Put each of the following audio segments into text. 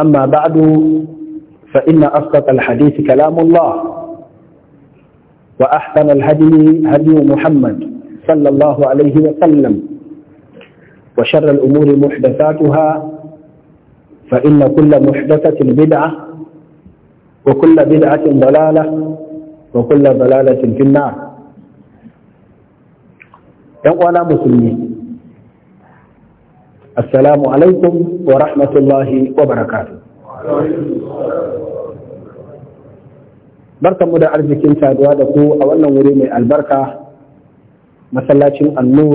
أما بعد فإن أصدق الحديث كلام الله وأحسن الهدي هدي محمد صلى الله عليه وسلم وشر الأمور محدثاتها فإن كل محدثة بدعة وكل بدعة ضلالة وكل ضلالة في النار ‘yan uwana مسلمين assalamu alaikum wa rahmatullahi wa barkanmu da arzikin saduwa da ku a wannan wuri mai albarka masallacin annur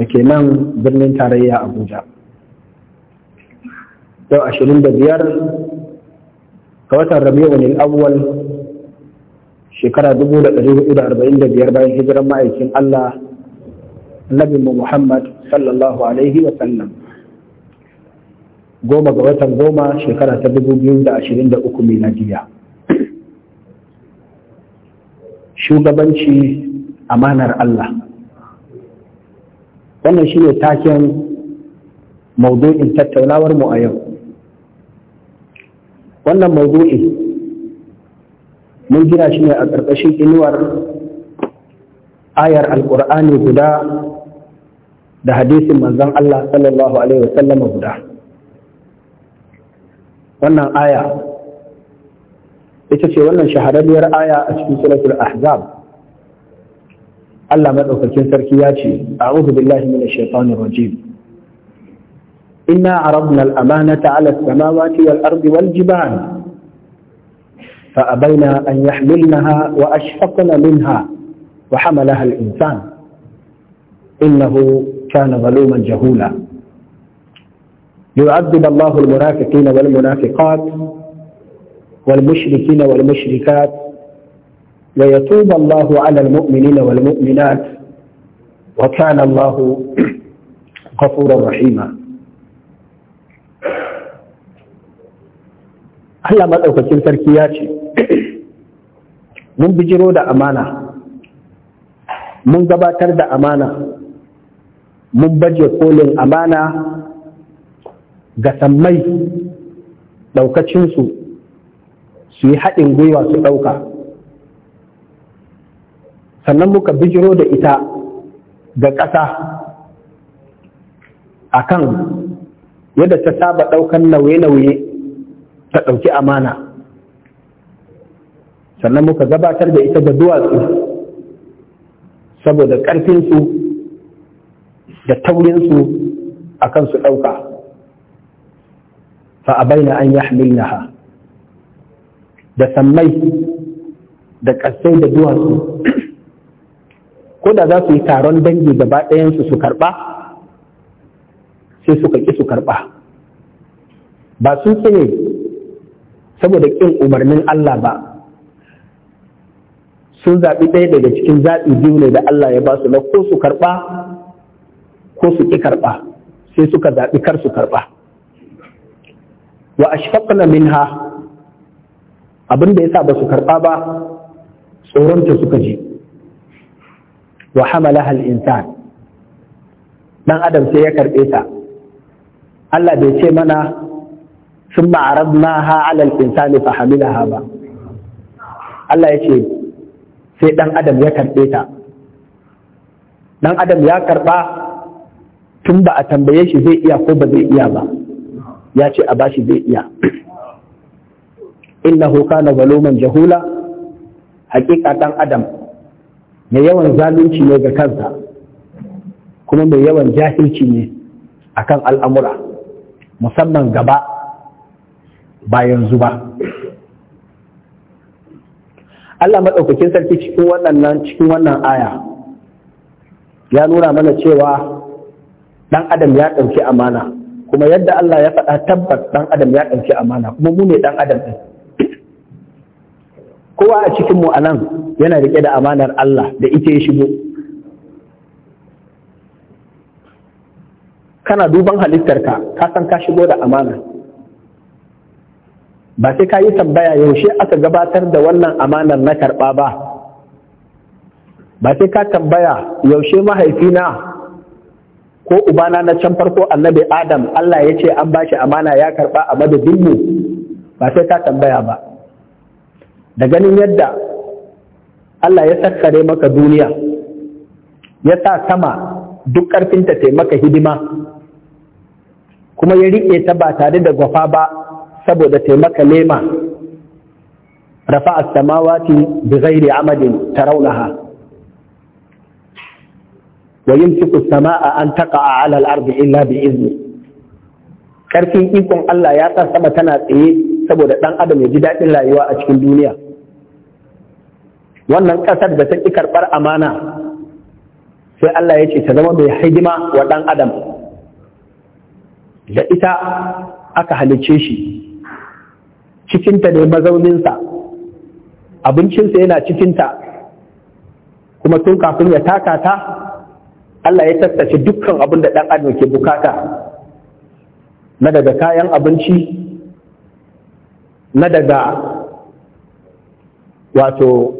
da ke nan birnin tarayya abuja yau ashirin da biyar ga watan rabi'un awwal shekara 1445 bayan hijiran ma'aikin allah nabinmu Muhammad sallallahu alaihi wa sallam goma ga watan goma shekara ta 2023 miladiya shugabanci amanar Allah wannan shine taken maudu'in tattaunawar mu a yau wannan maudu'i mun gina shi ne a ƙarƙashin inuwar ayar alƙur'ani guda da hadisin manzon Allah sallallahu alaihi wasallam guda wannan aya ita ce wannan shahararriyar aya a cikin suratul ahzab Allah madaukakin sarki ya ce a'udhu billahi minash shaitanir rajim إنا عرضنا الأمانة على السماوات والأرض والجبال فأبينا أن يحملنها وأشفقن منها وحملها الإنسان إنه كان ظلوما جهولا يعذب الله المنافقين والمنافقات والمشركين والمشركات ويتوب الله على المؤمنين والمؤمنات وكان الله غفورا رحيما Allah ما sarki ya من بجرود أمانة mun gabatar da amana mun baje kolin amana ga sammai ɗaukacinsu su yi haɗin gwiwa su ɗauka sannan muka bijiro da ita ga ƙasa a kan yadda ta saba ɗaukan nauye-nauye ta ɗauki amana sannan muka gabatar da ita da duwatsu saboda ƙarfinsu da taurinsu a kan su ɗauka fa a bayyana an yi da sammai da ƙasai da duwatsu ko da za su yi taron dangi gaba ɗayansu su karɓa sai suka ƙi su karɓa ba sun tsaye saboda ƙin umarnin Allah ba sun zaɓi ɗaya daga cikin zaɓi biyu ne da Allah ya ba su na ko su karɓa ko su ƙi karɓa sai suka zaɓi kar su karɓa wa ashfaqna minha abin da ya sa ba su karɓa ba tsoronta suka ji wa hamalaha al-insan dan adam sai ya karɓe ta Allah bai ce mana sun ma'arabna ha alal insani fa ha ba Allah ya ce sai ɗan adam ya karɓe ta ɗan adam ya karɓa tun ba a tambaye shi zai iya ko ba zai iya ba ya ce a bashi zai iya inna na na man jahula hakika ɗan adam mai yawan zalunci ne ga kansa kuma mai yawan jahilci ne a kan al'amura musamman gaba ba yanzu ba Allah maɗaukakin sarki cikin wannan nan, cikin wannan aya ya nuna mana cewa ɗan adam ya ɗauki amana kuma yadda Allah ya faɗa tabbas ɗan adam ya ɗauki amana kuma mu ne ɗan adam ɗin kowa a cikin mu anan yana riƙe da amanar Allah da ita ya shigo kana duban halittarka ka san ka shigo da amana ba sai ka yi tambaya yaushe aka gabatar da wannan amanar na karɓa ba ba sai ka tambaya yaushe mahaifina ko ubana na can farko annabi adam Allah ya ce an bashi amana ya karɓa a madadinmu ba sai ka tambaya ba da ganin yadda Allah ya sassare maka duniya ya sa sama duk ƙarfinta taimaka hidima kuma ya riƙe ta ba tare da gwafa ba saboda taimaka lema rafa as-samawati bi ghairi amadin tarawnaha wa yumsiku as-samaa an taƙa a al-ardi illa bi izni Ƙarfin ikon Allah ya sa sama tana tsaye saboda ɗan adam ya ji daɗin rayuwa a cikin duniya wannan ƙasar da ta ki karɓar amana sai Allah ya ce ta zama mai hidima wa ɗan adam da ita aka halicce shi cikinta ne mazauninsa abincinsa yana cikinta kuma tun kafin ya taka ta Allah ya tattace dukkan abin da ɗan adam ke bukata na daga kayan abinci na daga wato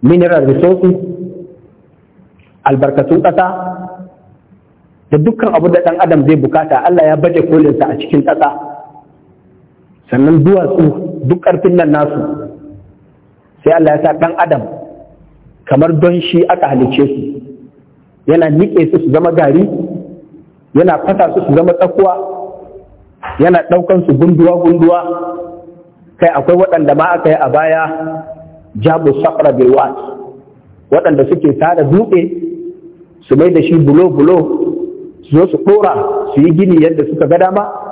mineral resources albarkatun ƙasa da dukkan abin da ɗan adam zai bukata Allah ya baje kolinsa a cikin ƙasa sannan duwatsu duk ƙarfin nan nasu sai Allah ya sa ɗan adam kamar don shi aka halicce su yana niƙe su su zama gari yana fata su su zama tsakuwa yana ɗaukan su gunduwa-gunduwa kai akwai waɗanda ma aka yi a baya jabu safra bilwat waɗanda suke tara dutse su mai da shi bulo-bulo su zo su ɗora su yi gini yadda suka ga dama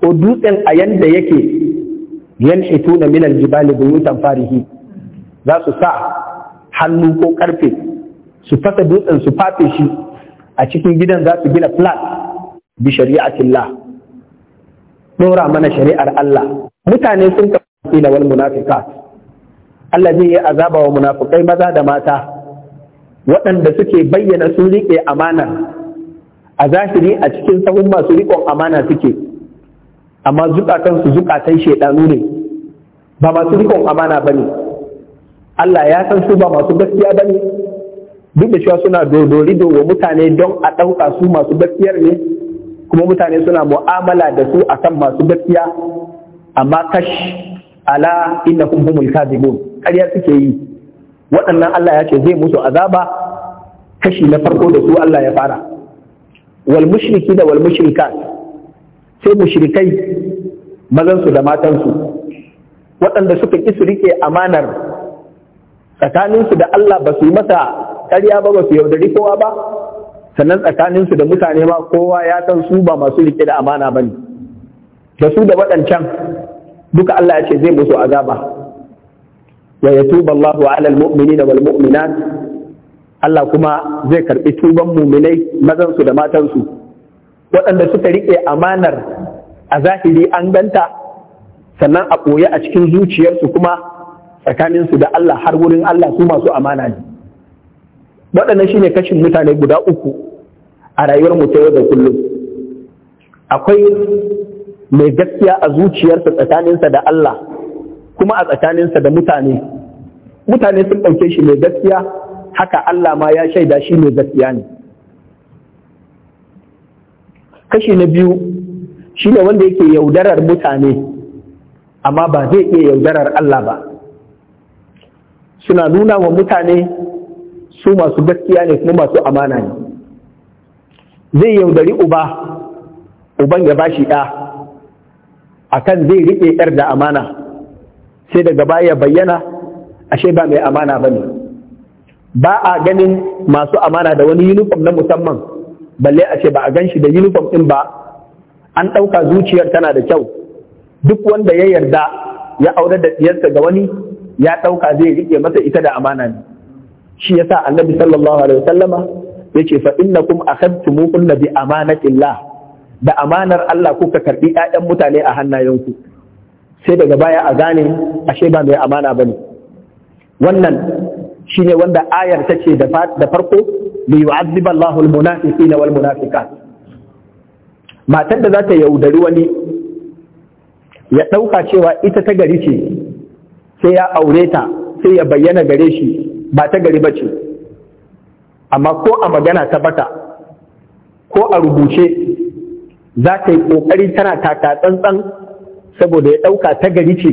ko dutsen a yanda yake yanhituna min Jibali buyutan farihi za su sa hannu ko karfe su fasa dutsen su fafe shi a cikin gidan za su gina flat bi shari'atillah dora mana shari'ar Allah mutane sun kafi da wal munafika Allah zai yi azaba wa munafikai maza da mata waɗanda suke bayyana sun riƙe amana a zahiri a cikin sahun masu riƙon amana suke amma zukatan su zukatan shaidanu ne ba masu rikon amana ba ne Allah ya san su ba masu gaskiya ba ne duk da cewa suna dodori wa mutane don a ɗauka su masu gaskiyar ne kuma mutane suna mu'amala da su akan masu gaskiya amma kash ala inna innakum humul kadhibun ƙarya suke yi waɗannan Allah ya ce zai musu azaba kashi na farko da su Allah ya fara wal mushriki da wal mushrikat sai mushrikai mazansu da matansu waɗanda suka ƙi su rike amanar tsakaninsu da Allah ba su yi masa ƙarya ba ba su yaudari kowa ba sannan tsakaninsu da mutane ma kowa ya san su ba masu riƙe da amana ba ne da su da waɗancan duka Allah ya ce zai musu azaba wa yatuba Allahu ala almu'minina wal mu'minat Allah kuma zai karɓi tuban mu'minai mazansu da matansu waɗanda suka riƙe amanar a zahiri an ganta sannan a ɓoye a cikin zuciyarsu kuma tsakaninsu da Allah har wurin Allah su masu amana ne waɗannan shine kashin mutane guda uku a rayuwar mu ta yau da kullum akwai mai gaskiya a zuciyarsa tsakaninsa da Allah kuma a tsakaninsa da mutane mutane sun ɗauke shi mai gaskiya haka Allah ma ya shaida shi mai gaskiya ne kashi na biyu shi ne wanda yake yaudarar mutane amma ba zai iya yaudarar Allah ba suna nuna wa mutane su masu gaskiya ne kuma masu amana ne zai yaudari uba uban ya bashi ɗa kan zai riƙe ƴar da amana sai daga baya bayyana ashe ba mai amana ba ne ba a ganin masu amana da wani yunifom na musamman balle a ce ba a gan shi da uniform ɗin ba an ɗauka zuciyar tana da kyau duk wanda ya yarda ya aure da diyarsa ga wani ya ɗauka zai riƙe masa ita da amana ne shi yasa annabi sallallahu alaihi wasallama yace fa innakum akhadtumuhunna bi amanatillah da amanar Allah kuka karbi ƴaƴan mutane a hannayenku sai daga baya a gane ashe ba mai amana bane wannan Shi ne wanda ayar ta ce da farko yi bi lahul munafiki na wal munafika matar da za ta yaudari wani ya ɗauka cewa ita ta gari ce sai ya aure ta sai ya bayyana gare shi ba ta gari ba ce. amma ko a magana ta bata ko a rubuce za ta yi ƙoƙari tana taka tsantsan saboda ya ɗauka ta gari ce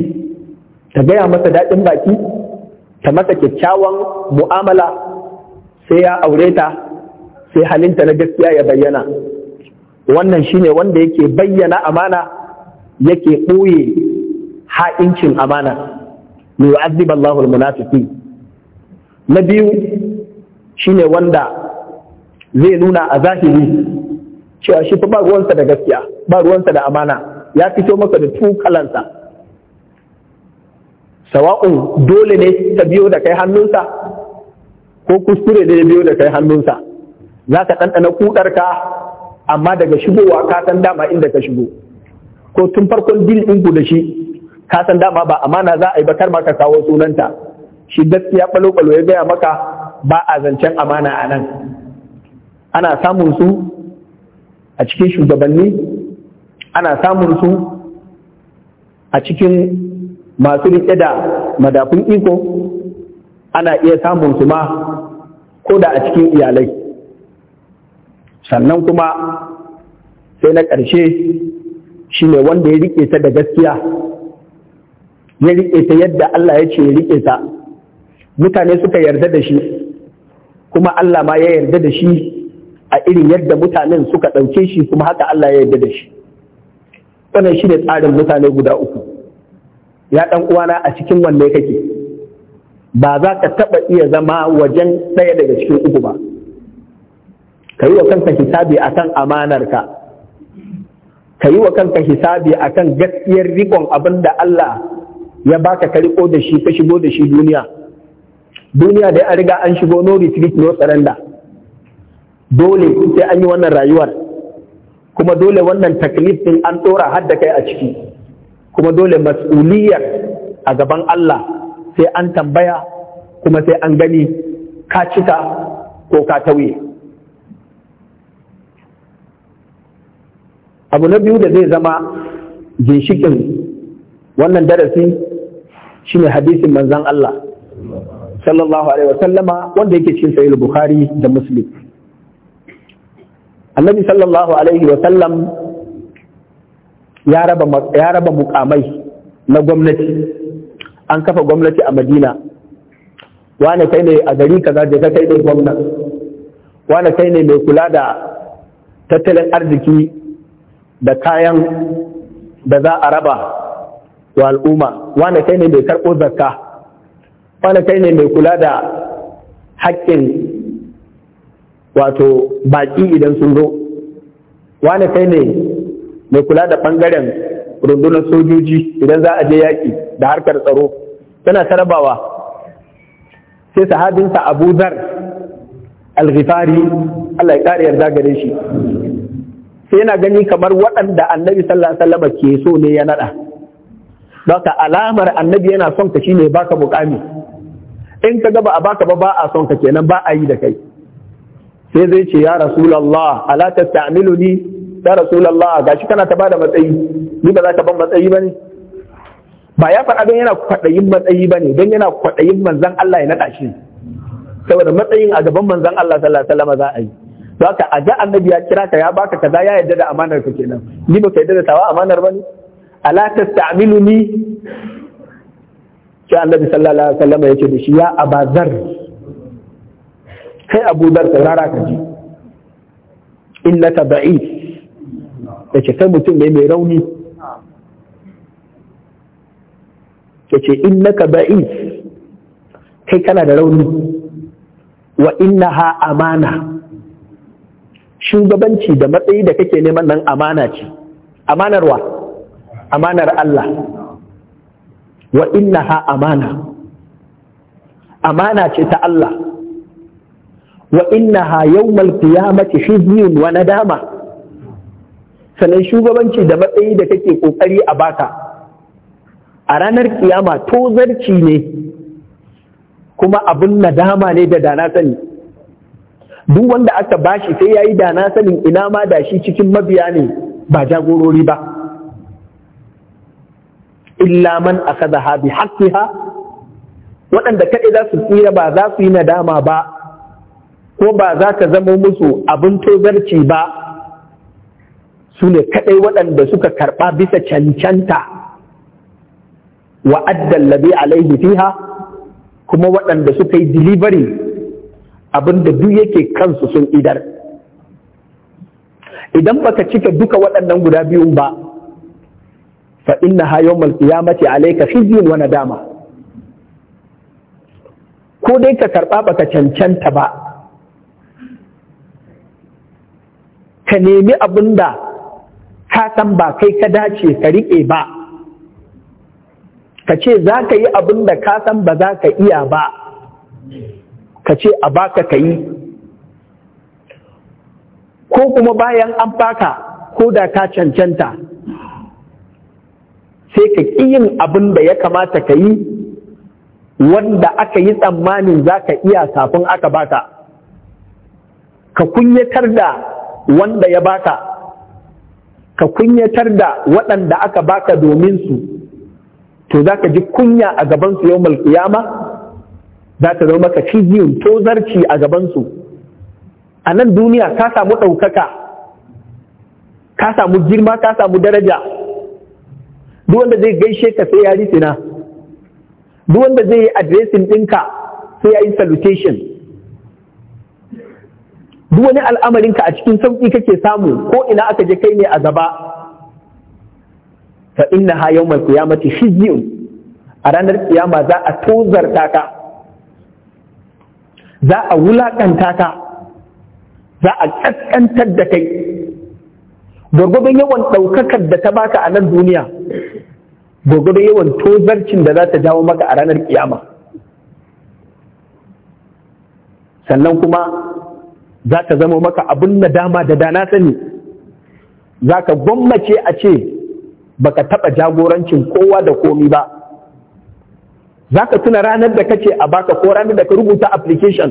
ta gaya masa daɗin baki ta masa kyakkyawan mu'amala sai ya aure ta sai halinta na gaskiya ya bayyana wannan shine wanda yake bayyana amana yake ɓoye ha'incin amana mai yu'azzib Allahu al-munafiqin na biyu shine wanda zai nuna a zahiri cewa shi fa ba ruwansa da gaskiya ba ruwansa da amana ya fito masa da tukalansa sawa'un dole ne ta biyo da kai hannunsa ko kuskure ne biyo da kai hannunsa za ka ɗanɗana kuɗarka amma daga shigowa ka san dama inda ka shigo ko tun farkon dil ku da shi ka san dama ba amana za a yi bakar maka kawo sunanta shi gaskiya ɓalo-ɓalo ya gaya maka ba a zancen amana a nan ana samun su a cikin shugabanni ana samun su a cikin masu riƙe da madafun iko ana iya samun su ma ko da a cikin iyalai sannan kuma sai na ƙarshe shi ne wanda ya riƙe ta da gaskiya ya riƙe ta yadda Allah ya ce ya riƙe ta mutane suka yarda da shi kuma Allah ma ya yarda da shi a irin yadda mutanen suka ɗauke shi kuma haka Allah ya yarda da shi wannan shi ne tsarin mutane guda uku ya ɗan uwana a cikin wanne kake ba za ka taɓa iya zama wajen ɗaya daga cikin uku ba ka yi wa kanka hisabi a kan amanarka ka yi wa kanka hisabi a kan gaskiyar rikon abin da Allah ya baka ka ko da shi ka shigo da shi duniya duniya da ya riga an shigo no retreat no surrender dole sai an yi wannan rayuwar kuma dole wannan taklif din an ɗora har da kai a ciki kuma dole mas'uliyar a gaban Allah sai an tambaya kuma sai an gani ka cika ko ka tauye abu na biyu da zai zama ginshikin wannan darasi shine hadisin manzan Allah sallallahu alaihi wasallama wanda yake cikin sahih bukhari da muslim annabi sallallahu alaihi wasallam ya raba mukamai na gwamnati an kafa gwamnati a madina wane kai ne a gari kaza zaje ka kai ne gwamna wane kai ne mai kula da tattalin arziki da kayan da za a raba wa al'umma wane kai ne mai karɓo zakka wane kai ne mai kula da haƙƙin wato baƙi idan sun zo wane kai ne mai kula da bangaren rundunar sojoji idan za a je yaƙi da harkar tsaro tana tarabawa sai sahabinsa abu zar alghifari Allah ya ƙari yarda gare shi sai yana gani kamar waɗanda annabi sallallahu alaihi wasallam ke so ne ya nada baka alamar annabi yana son ka shine baka mukami in ka ga ba a baka ba ba a son ka kenan ba a yi da kai sai zai ce ya rasulullah ala tasta'miluni ya rasulullah gashi kana ta bada matsayi ni ba za ka ban matsayi bane ba ya faɗa don yana kwaɗayin matsayi bane don yana kwaɗayin manzan Allah ya naɗa shi saboda matsayin a gaban manzan Allah sallallahu alaihi wasallam za a yi zaka a ga annabi ya kira ka ya baka kaza ya yarda da amanar ka kenan ni ka yarda da tawa amanar bane ala tasta'miluni sai annabi sallallahu alaihi wasallam yake da shi ya abazar kai abu dar saurara ka ji innaka da'if ta ce kai mutum ne mai rauni ta ce innaka ba'if kai kana da rauni wa ha amana shugabanci da matsayi da kake neman nan amana ce amanarwa amanar Allah wa ha amana amana ce ta Allah wa innaha yawmal qiyamati khizyun wa nadama sannan shugabanci da matsayi da kake kokari a baka a ranar kiyama tozarci ne kuma abin nadama ne da dana sani duk wanda aka bashi sai yayi dana sanin ina ma da shi cikin mabiya ne ba jagorori ba illa man akhadha bi haqqiha waɗanda kaɗai za su tsira ba za su yi nadama ba ko ba za ka zama musu abin tozarci ba su ne kaɗai waɗanda suka karɓa bisa cancanta wa addallabi alaihi fiha kuma waɗanda suka yi delivery abinda duk yake kansu sun idar idan baka cika duka waɗannan guda biyun ba fa inna ha yawmal qiyamati alayka khizyun wa nadama ko dai ka karɓa baka cancanta ba ka nemi abinda ka san ba kai ka dace ka riƙe ba ka ce za ka yi abin da ka san ba za ka iya ba ka ce a baka ka yi ko kuma bayan an baka ko da ka cancanta sai ka ƙi yin abin da ya kamata ka yi wanda aka yi tsammanin za ka iya safin aka baka ka kunyatar da wanda ya baka ka kunyatar da waɗanda aka baka domin su to za ka ji kunya a gabansu yau malkiyama za ta zama maka cibiyun tozarci a gabansu a nan duniya ka samu ɗaukaka ka samu girma ka samu daraja duk wanda zai gaishe ka sai ya ritina duk wanda zai yi adiresin ɗinka sai ya yi salutation duk wani al'amarinka a cikin sauƙi kake samu ko ina aka je kai ne a gaba fa inna ha al qiyamati khizyun a ranar kiyama za a tozar ka za a wulakanta ka za a kaskantar da kai gwargwadon yawan ɗaukakar da ta baka a nan duniya gwargwadon yawan tozarcin da za ta jawo maka a ranar kiyama sannan kuma za ta zama maka abin dama da dana sani za ka gwammace a ce baka taɓa jagorancin kowa da komi ba za ka tuna ranar da kace a baka ko ranar da ka rubuta application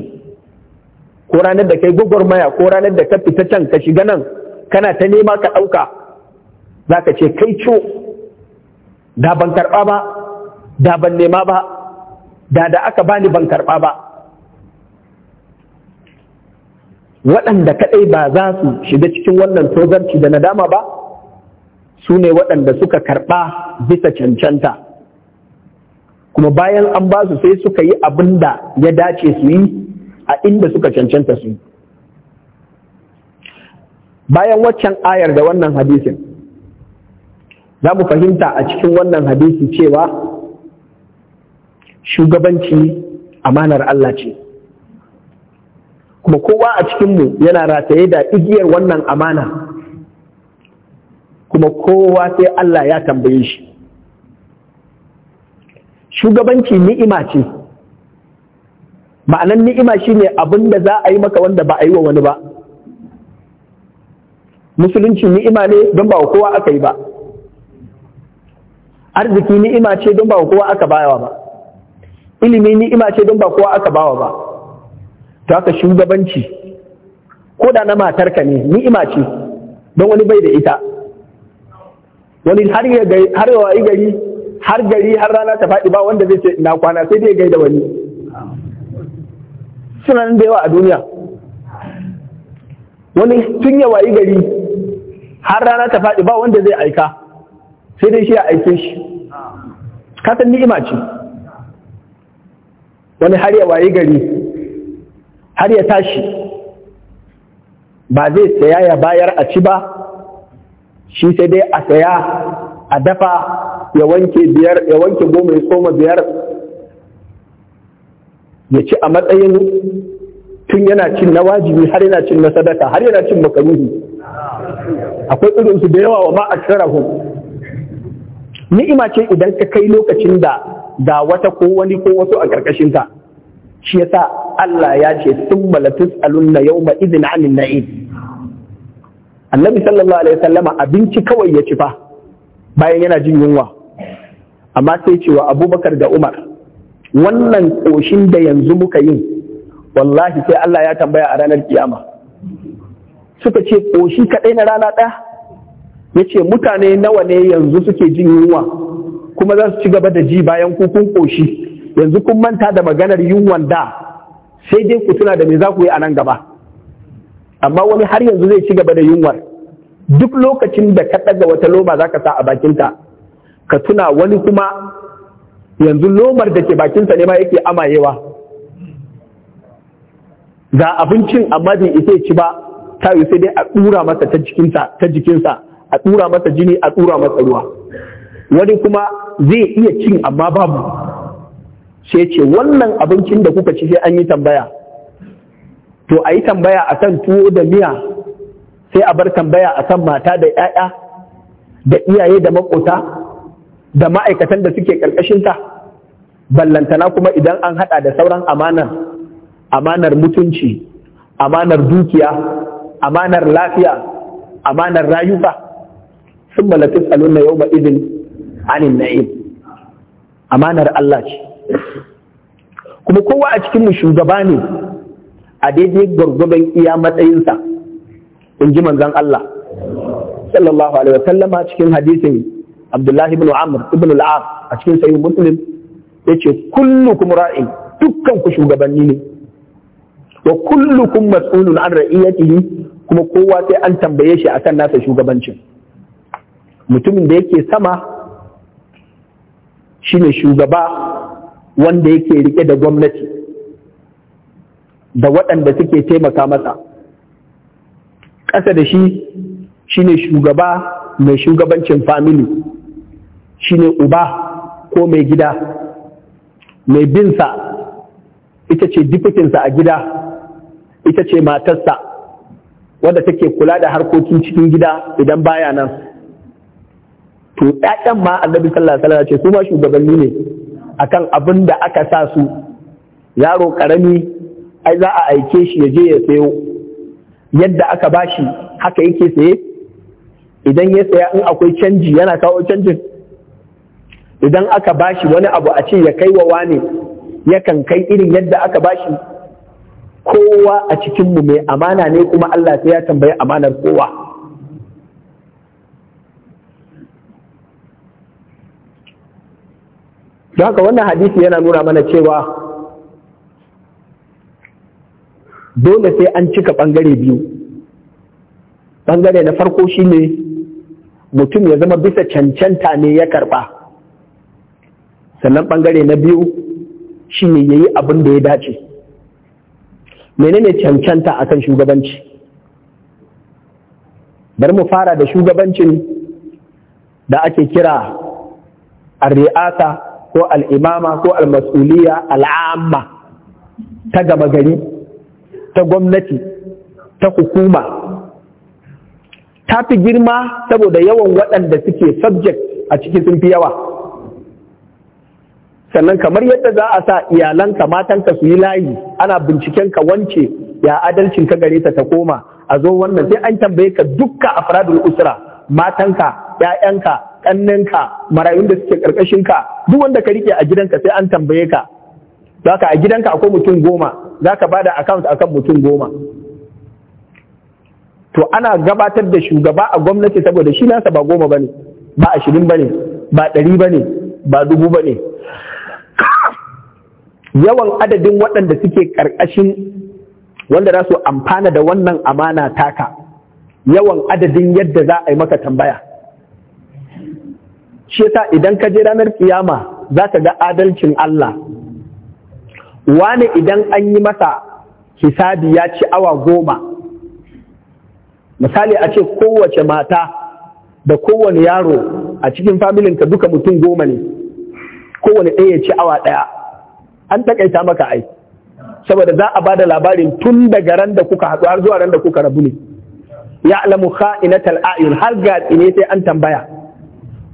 ko ranar da kai gwagwarmaya ko ranar da ka fita can ka shiga nan kana ta nema ka ɗauka za ka ce kai co da ban karɓa ba da ban nema ba da da aka bani ban karɓa ba waɗanda kaɗai ba za su shiga cikin wannan tozarci da nadama ba su ne waɗanda suka karɓa bisa cancanta kuma bayan an ba su sai suka yi abin da ya dace su yi a inda suka cancanta su bayan waccan ayar da wannan hadisin za mu fahimta a cikin wannan hadisi cewa shugabanci amanar Allah ce. kuma kowa a cikinmu yana rataye da igiyar wannan amana kuma kowa sai Allah ya tambaye shi shugabanci ni'ima ce ma'anan ni'ima shine abin da za a yi maka wanda ba a yi wa wani ba musulunci ni'ima ne don ba wa kowa aka yi ba arziki ni'ima ce don ba wa kowa aka bayawa ba ilimi ni'ima ce don ba kowa aka bawa ba ta ka shugabanci ko da na matarka ne ni'ima ce don wani bai da ita wani har ya gari har gari har rana ta faɗi ba wanda zai ce ina kwana sai dai gai da wani suna nan da yawa a duniya wani tun ya wayi gari har rana ta faɗi ba wanda zai aika sai dai shi ya aike shi kasan ni'ima ce wani har ya wayi gari har ya tashi ba zai saya ya bayar a ci ba shi sai dai a saya a dafa ya wanke biyar ya wanke goma ya tsoma biyar ya ci a matsayin tun yana cin na wajibi har yana cin na sadaka har yana cin makaruhu akwai su da yawa wa ma asharahu ni'ima ce idan ka kai lokacin da da wata ko wani ko wasu a ƙarƙashinta shi yasa Allah ya ce sun thumma latus'alunna yawma idhin 'anil na'im annabi sallallahu alaihi wasallama abinci kawai ya ci fa bayan yana jin yunwa amma sai cewa abubakar da umar wannan ƙoshin da yanzu muka yi wallahi sai Allah ya tambaya a ranar kiyama suka ce ƙoshi kaɗai na rana ɗaya ya ce mutane nawa ne yanzu suke jin yunwa kuma za su ci gaba da ji bayan kukun ƙoshi yanzu kun manta da maganar yunwan da sai dai ku tuna da me za ku yi a nan gaba amma wani har yanzu zai ci gaba da yunwar duk lokacin da ka ɗaga wata loma za ka sa a bakinta ka tuna wani kuma yanzu lomar da ke bakinsa ne ma yake amayewa ga abincin amma bai isa ci ba ta yi sai dai a ɗura masa ta jikinsa a ɗura masa jini a ɗura masa ruwa wani kuma zai iya cin amma babu sai ce wannan abincin da kuka ci sai an yi tambaya to a yi tambaya a kan tuwo da miya sai a bar tambaya a kan mata da 'ya'ya da iyaye da makota da ma'aikatan da suke ƙarƙashinta ballantana kuma idan an haɗa da sauran amanar amanar mutunci amanar dukiya amanar lafiya amanar rayuka sun salon na yau ba izin anin na'im amanar Allah ce kuma kowa a cikinmu shugaba ne a daidai gwargwadon iya matsayinsa in ji manzan Allah sallallahu alaihi wa sallama cikin hadisin Abdullahi ibn Amr ibn al-As a cikin sahih Muslim yace kullukum ra'in dukkan ku shugabanni ne wa kullukum mas'ulun an ra'iyatihi kuma kowa sai an tambaye shi akan nasa shugabancin mutumin da yake sama shine shugaba wanda yake rike da gwamnati da waɗanda suke taimaka masa ƙasa da shi shi ne shugaba mai shugabancin famili ne uba ko mai gida mai binsa ita ce difikinsa a gida ita ce matarsa wadda take kula da harkokin cikin gida idan baya nan to 'ya'yan ma annabi sallallahu alaihi ce su ma shugabanni ne akan abin da aka sa su yaro karami ai za a aike shi ya je ya sayo yadda aka bashi haka yake saye idan ya saya in akwai canji yana kawo canjin idan aka bashi wani abu a ce ya kai wa wane yakan kai irin yadda aka bashi kowa a cikinmu mai amana ne kuma Allah sai ya tambayi amanar kowa. don haka wannan hadisi yana nuna mana cewa dole sai an cika ɓangare biyu ɓangare na farko shine mutum ya zama bisa cancanta ne ya karɓa sannan ɓangare na biyu shine ya yi abin da ya dace menene cancanta a kan shugabanci bari mu fara da shugabancin da ake kira a ri'asa ko al'imama ko al'masuliya al'amma ta gama gari ta gwamnati ta hukuma ta fi girma saboda yawan waɗanda suke subject a ciki sun fi yawa sannan kamar yadda za a sa iyalanka matanka su yi layi ana binciken ka wance ya adalcin ka gare ta ta koma a zo wannan sai an tambaye ka dukka afradul usra matanka 'ya'yanka ƙannenka marayun da suke ƙarƙashin ka duk wanda ka rike a gidanka sai an tambaye ka zaka a gidanka akwai mutum goma zaka bada account akan mutum goma to ana gabatar da shugaba a gwamnati saboda shi nasa ba goma bane ba ashirin bane ba ɗari bane ba dubu bane yawan adadin waɗanda suke ƙarƙashin wanda za su amfana da wannan amana taka yawan adadin yadda za a yi maka tambaya shi yasa idan ka je ranar kiyama za ka ga adalcin Allah wani idan an yi masa hisabi ya ci awa goma misali a ce kowace mata da kowane yaro a cikin familinka duka mutum goma ne kowane ɗaya ya ci awa ɗaya an takaita maka ai saboda za a bada labarin tun daga ran da kuka haɗu har zuwa ran da kuka rabu ne ya alamu kha'inatal a'yun har ga ne sai an tambaya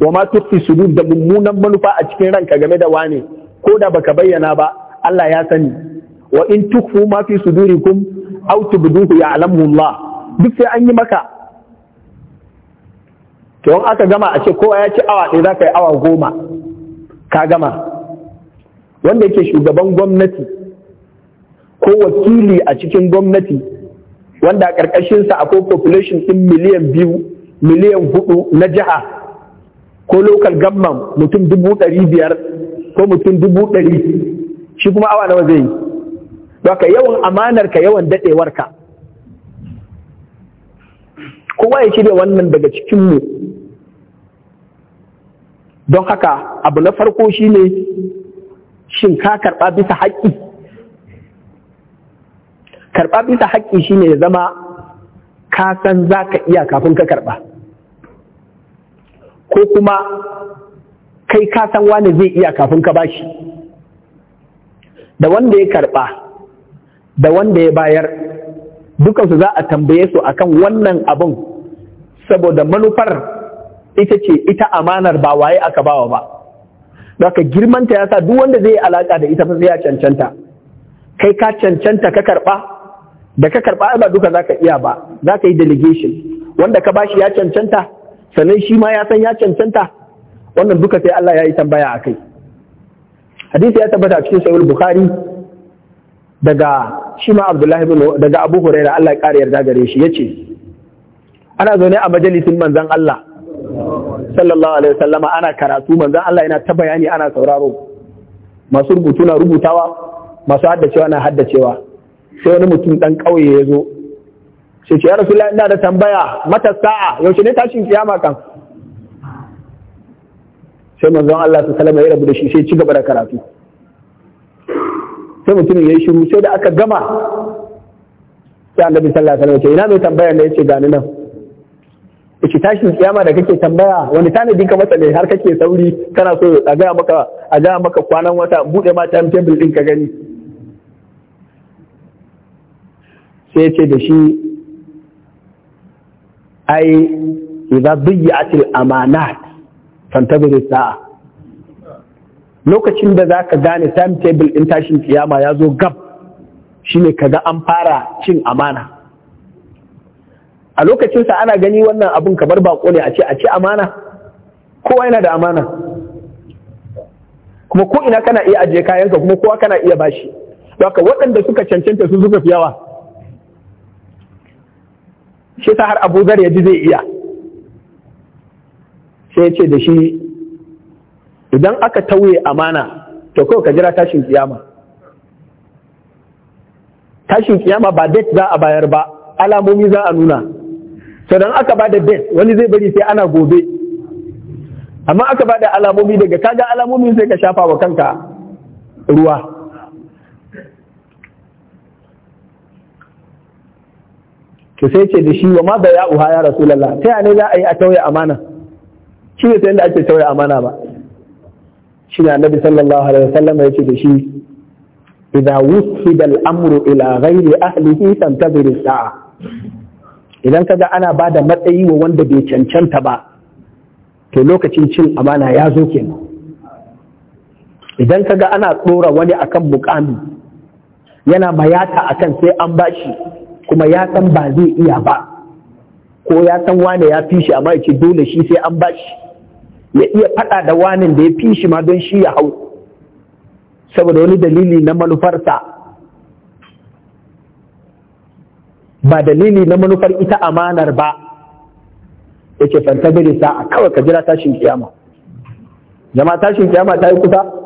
wa ma tukfi sudur da mummunan manufa a cikin ranka game da wane ko da baka bayyana ba Allah ya sani wa in tukfu ma fi sudurikum aw tubduhu ya'lamu Allah duk sai an yi maka to in aka gama a ce kowa ya ci awa ɗaya zaka yi awa goma ka gama wanda yake shugaban gwamnati ko wakili a cikin gwamnati wanda a ƙarƙashinsa akwai population ɗin miliyan biyu miliyan huɗu na jiha ko lokal gamman mutum dubu ɗari biyar ko mutum dubu ɗari shi kuma awa nawa zai yi ka yawan amanar ka yawan daɗewar ka kowa ya shirya wannan daga cikinmu don haka abu na farko shine shin ka karɓa bisa haƙƙi karɓa bisa haƙƙi shine ya zama ka san za ka iya kafin ka karɓa ko kuma kai ka san wani zai iya kafin ka bashi da wanda ya karɓa da wanda ya bayar dukansu za a tambaye su akan wannan abun saboda manufar ita ce ita amanar ba waye aka bawa ba ka girmanta ya sa duk wanda zai alaka da ita sai ya cancanta kai ka cancanta ka karba da ka karba ba duka zaka iya ba zaka yi delegation wanda ka bashi ya cancanta sannan shi ma ya san ya cancanta wannan duka sai Allah ya yi tambaya a kai hadisi ya tabbata cikin sahih bukhari daga shi ma abdullahi bin daga abu huraira Allah ya kare yarda gare shi yace ana zaune a majalisin manzon Allah sallallahu alaihi wasallama ana karatu manzon Allah yana ta bayani ana sauraro masu rubutu na rubutawa masu haddacewa na haddacewa sai wani mutum dan kauye ya zo sai ce ya rasulullah ina da tambaya mata sa'a yaushe ne tashin kiyama kan sai manzon Allah su salama ya rabu da shi sai ci gaba da karatu sai mutumin ya yi shiru sai da aka gama sai annabi sallallahu alaihi wasallam ce ina mai tambaya ne yace gani nan yace tashin kiyama da kake tambaya wani tanadin ka masa ne har kake sauri kana so a ga maka a ga maka kwanan wata bude ma time table din ka gani sai yace da shi ai idza dhiyya'atil amanat fantazir sa'a lokacin da zaka gane timetable din tashin kiyama ya zo gab shine kaga an fara cin amana a lokacin sa ana gani wannan abun kamar bako ne a ce a ce amana kowa yana da amana kuma ko ina kana iya ajiye kayanka kuma kowa kana iya bashi haka waɗanda suka cancanta su suka fi yawa shi sa har Abu zar ya ji zai iya sai ce da shi idan aka tauye amana to kawai ka jira tashin kiyama tashin kiyama ba date za a bayar ba alamomi za a nuna to dan aka da date wani zai bari sai ana gobe amma aka ba da alamomi daga kaga alamomi sai ka shafa wa kanka ruwa to sai ce da shi wa ma bai ya'u ya rasulullah ta ne za a yi a tauye amana shi ne sai da ake tauye amana ba shi ne annabi sallallahu alaihi wasallam ya ce da shi idan wuce da al'amuru ila ghairi ahlihi sa'a idan kaga ana ba da matsayi wa wanda bai cancanta ba to lokacin cin amana ya zo kenan idan ka ga ana tsora wani akan mukami yana mayata akan sai an bashi kuma ya san ba zai iya ba ko ya san wane ya fi shi amma ya dole shi sai an bashi ya iya faɗa da wanin da ya fi shi ma don shi ya hau saboda wani dalili na manufarsa ba dalili na manufar ita amanar ba ya ce sa a kawai ka jira tashin kiyama jama tashin kiyama ta yi kusa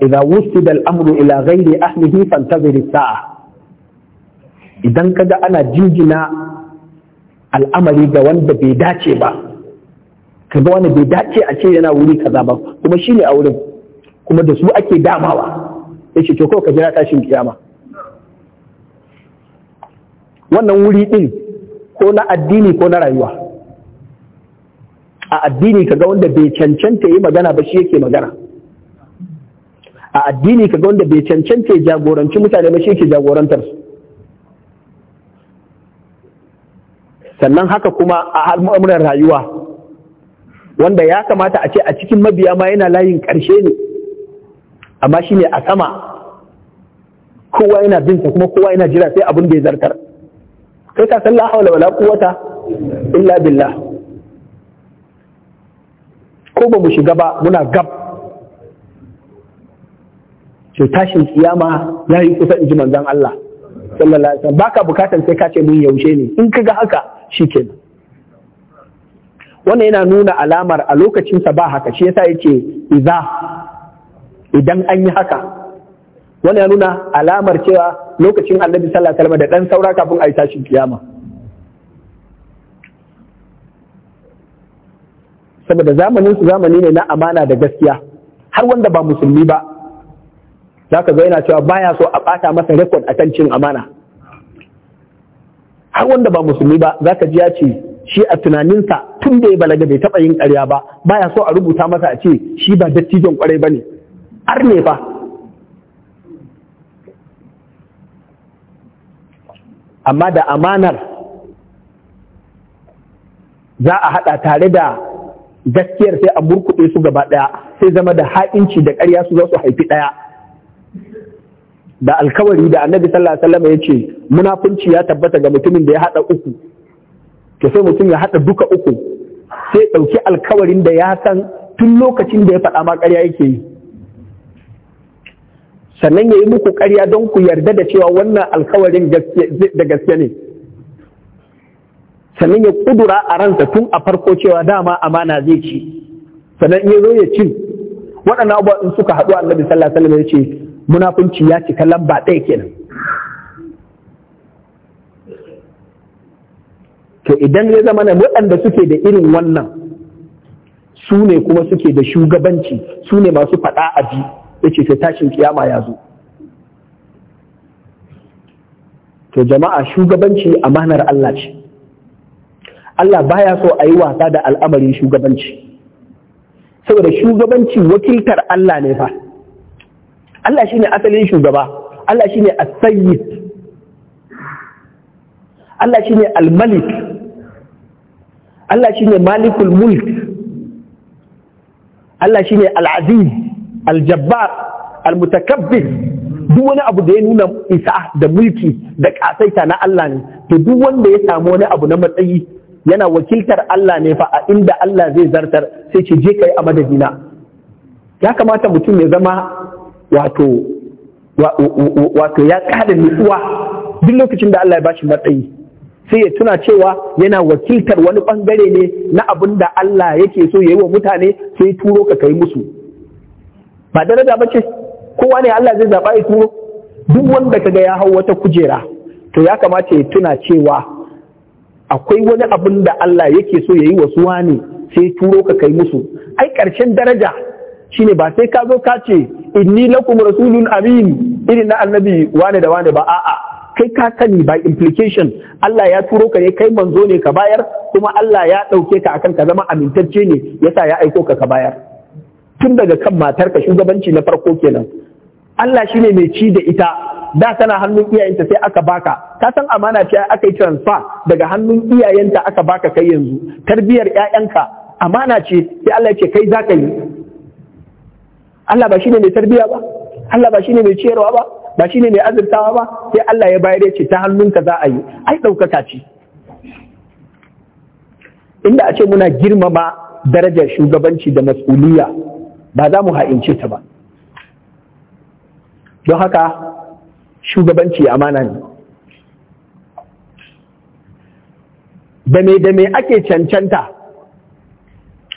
idza wusida al-amru ila ghairi ahlihi fantazir as-sa'a idan kaga ana jinjina al'amari ga wanda bai dace ba kaga wanda bai dace a ce yana wuri kaza ba kuma shine a wurin kuma da su ake damawa yace to kawai ka tashin kiyama wannan wuri ɗin ko na addini ko na rayuwa a addini kaga wanda bai cancanta ya yi magana ba shi yake magana a addini kaga wanda bai cancanta ya jagoranci mutane ba shi ke jagorantar su sannan haka kuma a al'amuran rayuwa wanda ya kamata a ce a cikin mabiya ma yana layin ƙarshe ne amma shi ne a sama kowa yana binsa kuma kowa yana jira sai abin da ya zartar kai ka san hawa wala quwwata illa billah ko ba mu shiga ba muna gab ce tashin kiyama ya yi kusa inji manzan Allah sallallahu alaihi wasallam baka bukatan sai ka ce mun yaushe ne in kaga haka shikenan wannan yana nuna alamar a lokacin ba haka shi yasa yake idza idan an yi haka wannan ya nuna alamar cewa lokacin Annabi sallallahu alaihi wasallam da ɗan saura kafin a yi tashin kiyama saboda zamanin su zamani ne na amana da gaskiya har wanda ba musulmi ba za ka ga yana cewa baya so a ɓata masa rekod a kan cin amana har wanda ba musulmi ba za ka ji ya ce shi a tunaninsa tun da ya balaga bai taɓa yin ƙarya ba baya so a rubuta masa a ce shi ba dattijon ƙwarai ba ne har ne ba. amma da amanar za a haɗa tare da gaskiyar sai a murkuɗe su gaba ɗaya sai zama da ha'inci da ƙarya su za su haifi ɗaya da alkawari da annabi sallallahu alaihi wasallam ya munafunci ya tabbata ga mutumin da ya hada uku to sai mutum ya hada duka uku sai dauki alkawarin da ya san tun lokacin da ya faɗa ma ƙarya yake yi sannan ya yi muku ƙarya don ku yarda da cewa wannan alkawarin da gaske ne sannan ya kudura a ransa tun a farko cewa dama amana zai ci sannan ya zo ya ci waɗannan abubuwa suka haɗu annabi sallallahu alaihi wasallam ya ce munafunci ya cika lamba ɗaya kenan to idan ya zama waɗanda suke da irin wannan su ne kuma suke da shugabanci su ne masu faɗa a ji ya ce sai tashin kiyama ya zo to jama'a shugabanci amanar Allah ce Allah baya so a yi wasa da al'amarin shugabanci saboda shugabanci wakiltar Allah ne fa Allah shine asalin shugaba Allah shine as-sayyid Allah shine al-malik Allah shine malikul mulk Allah shine al-aziz al-jabbar al duk wani abu da ya nuna isa da mulki da ƙasaita na Allah ne to duk wanda ya samu wani abu na matsayi yana wakiltar Allah ne fa a inda Allah zai zartar sai ce je kai a madadina ya kamata mutum ya zama wato ya kada nutsuwa duk lokacin da Allah ya bashi matsayi sai ya tuna cewa yana wakiltar wani bangare ne na abin da Allah yake so ya yi wa mutane sai turo ka kai musu ba daraja ba ce kowa ne Allah zai zaɓa ya turo duk wanda kaga ya hau wata kujera to ya kamata ya tuna cewa akwai wani abin da Allah yake so ya yi wa suwa ne sai turo ka kai musu ai ƙarshen daraja shine ba sai ka zo ka ce inni lakum rasulun amin irin na annabi wane da wane ba a'a kai ka sani by implication Allah ya turo ka ne kai manzo ne ka bayar kuma Allah ya ɗauke ka akan ka zama amintacce ne yasa ya aiko ka ka bayar tun daga kan matar ka shugabanci na farko kenan Allah shine mai ci da ita da tana hannun iyayenta sai aka baka ka san amana ce aka yi transfer daga hannun iyayenta aka baka kai yanzu tarbiyar ƴaƴanka amana ce sai Allah ya ce kai zaka yi Allah ba shine mai tarbiya ba Allah ba shine mai ciyarwa ba ba shine mai azurtawa ba sai Allah ya bayar ya ce ta hannunka za a yi ai ɗaukaka ce inda a ce muna girmama darajar shugabanci da mas'uliya ba za mu ha'ince ta ba don haka shugabanci amana ne da me da me ake cancanta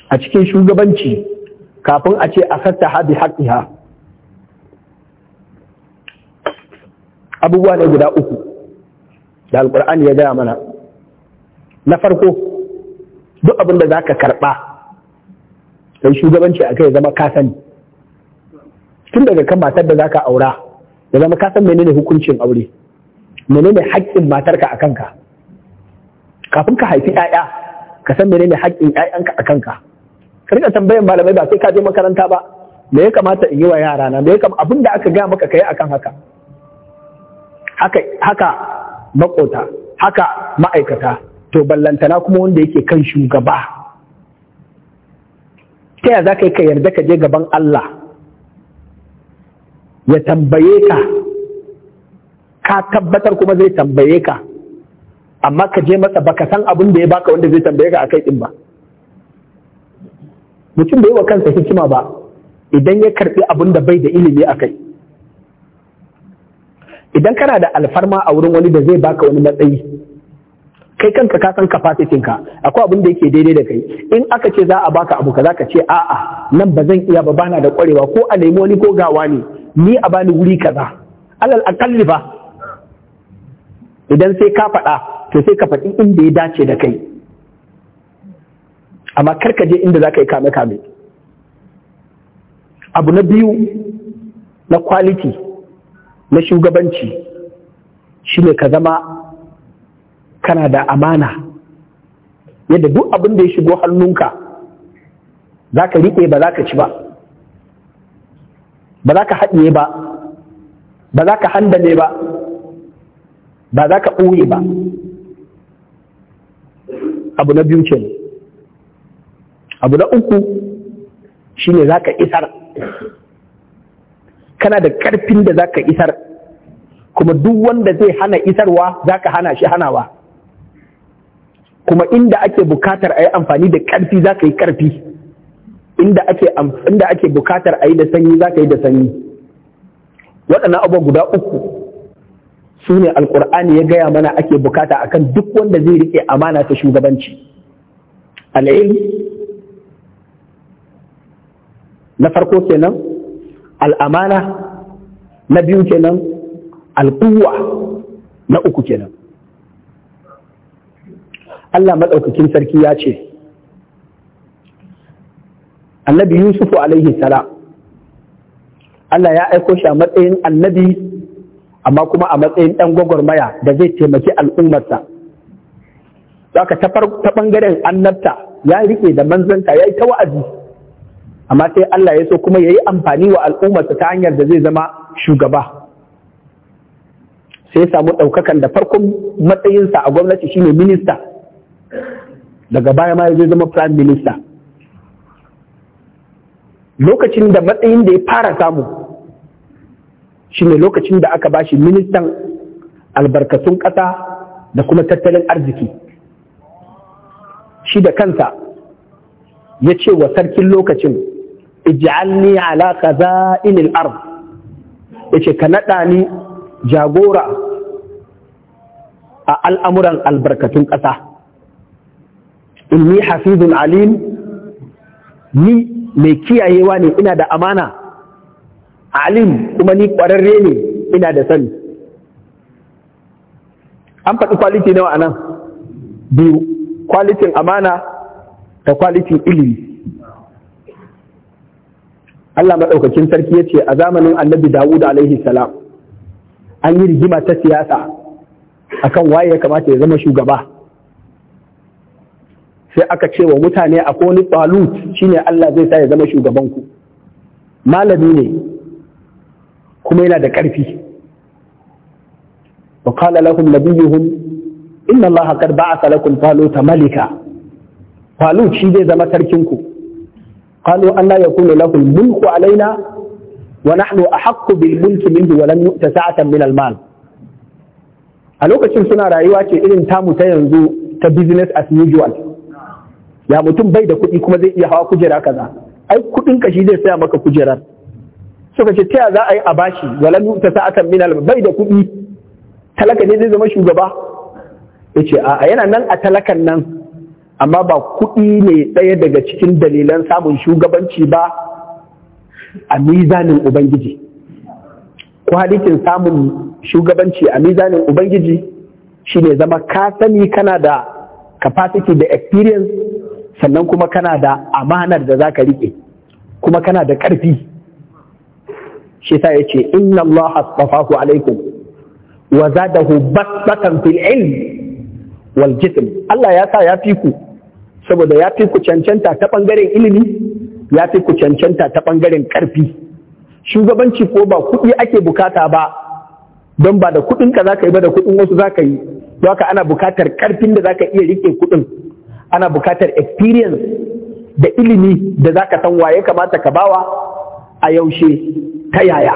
a cikin shugabanci kafin a ce a sattaha haɗi ha, abubuwa ne guda uku da Alƙur'ani ya gaya mana na farko duk abin da za ka karɓa don shugabanci a ya zama ka sani tun daga kan matar da za ka aura ya zama ka san menene hukuncin aure menene haƙƙin matarka a kanka kafin ka haifi 'ya'ya ka san menene haƙƙin 'ya'yanka a kanka ka rika tambayan malamai ba sai ka je makaranta ba me ya kamata in yi wa yara na me ya kamata abin da aka gaya maka kai akan haka haka haka makota haka ma'aikata to ballantana kuma wanda yake kan shugaba ta yaya za ka yi ka yarda ka je gaban Allah ya tambaye ka ka tabbatar kuma zai tambaye ka amma ka je masa baka san abin da ya baka wanda zai tambaye ka akai din ba mutum bai wa kansa hikima ba idan ya karbi abin da bai da ilimi a kai idan kana da alfarma a wurin wani da zai baka wani matsayi kai kanka ka san capacity ka akwai abin da yake daidai da kai in aka ce za a baka abu kaza ka ce a'a nan ba zan iya ba bana da kwarewa ko a nemi wani ko gawa ne ni a bani wuri kaza alal akalli ba idan sai ka faɗa to sai ka faɗi inda ya dace da kai amma karka je inda za ka yi kame-kame abu na biyu na kwaliti na shugabanci shine ka zama kana da amana yadda duk abin da ya shigo hannunka za ka riƙe ba za ka ci ba ba za ka haɗiye ba ba za ka handame ba ba za ka ɓoye ba abu na biyu ce ne abu na uku shi ne za ka isar kana da ƙarfin da za ka isar kuma duk wanda zai hana isarwa za ka hana shi hanawa kuma inda ake bukatar a yi amfani da ƙarfi za ka yi ƙarfi inda ake, inda ake bukatar a yi da sanyi za ka yi da sanyi waɗannan abubuwa guda uku su ne alkur'ani ya gaya mana ake bukata akan duk wanda zai rike amana ta shugabanci al'ilm na farko kenan al'amana na biyu kenan al'uwa na uku kenan Allah matsaukakin sarki ya ce annabi yusufu alaihi salam Allah ya aiko shi a matsayin annabi amma kuma a matsayin ɗan gwagwarmaya da zai taimaki al'ummarsa za ta ɓangaren annabta ya riƙe da manzanta ya yi ta wa'azi amma sai Allah ya so kuma ya yi amfani wa al'ummarsa ta hanyar da zai zama shugaba sai ya samu ɗaukakan da farkon matsayinsa a gwamnati shine minista daga baya ma ya zai zama prime minister lokacin da matsayin da ya fara samu shine lokacin da aka bashi ministan albarkatun ƙasa da kuma tattalin arziki shi da kansa ya ce wa sarkin lokacin ij'alni ala qaza'inil ard yace ka nada ni jagora a al'amuran albarkatun ƙasa inni hafizun alim ni mai kiyayewa ne ina da amana alim kuma ni ƙwararre ne ina da sani an faɗi kwaliti nawa anan biyu kwalitin amana da kwalitin ilimi Allah maɗaukakin sarki ya ce a zamanin annabi Dawud alaihi salam an yi rigima ta siyasa kan waye ya kamata ya zama shugaba sai aka ce wa mutane a wani shi shine Allah zai sa ya zama shugabanku. malami ne kuma yana da ƙarfi wa qala lahum nabiyuhum inna Allah qad ba'atha lakum ta malika talut shi zai zama sarkin ku قالوا Allah ya يكون له الملك علينا ونحن أحق بالملك منه ولم يؤت سعة من المال a lokacin suna rayuwa ce irin tamu ta yanzu ta business as usual ya mutum bai da kuɗi kuma zai iya hawa kujera kaza ai kuɗin ka shi zai saya maka kujerar suka ce taya za a yi a bashi walam ta sa'atan min al bai da kuɗi talaka ne zai zama shugaba yace a yana nan a talakan nan amma ba kuɗi ne ɗaya daga cikin dalilan samun shugabanci ba a mizanin ubangiji ku halittin samun shugabanci a mizanin ubangiji shi ne zama ka sani kana da capacity da experience sannan kuma kana da amanar da za ka riƙe kuma kana da ƙarfi shi sa ya ce inna Allah ku alaikum wa zadahu basbatan fil ilm wal jism Allah ya sa ya fi ku saboda ya fi ku cancanta ta ɓangaren ilimi ya fi ku cancanta ta ɓangaren ƙarfi shugabanci ko ba kuɗi ake bukata ba don ba da kuɗin ka zaka yi ba da kuɗin wasu zaka yi haka ana bukatar ƙarfin da zaka iya riƙe kuɗin ana bukatar experience da ilimi da zaka san waye kamata ka bawa a yaushe ta yaya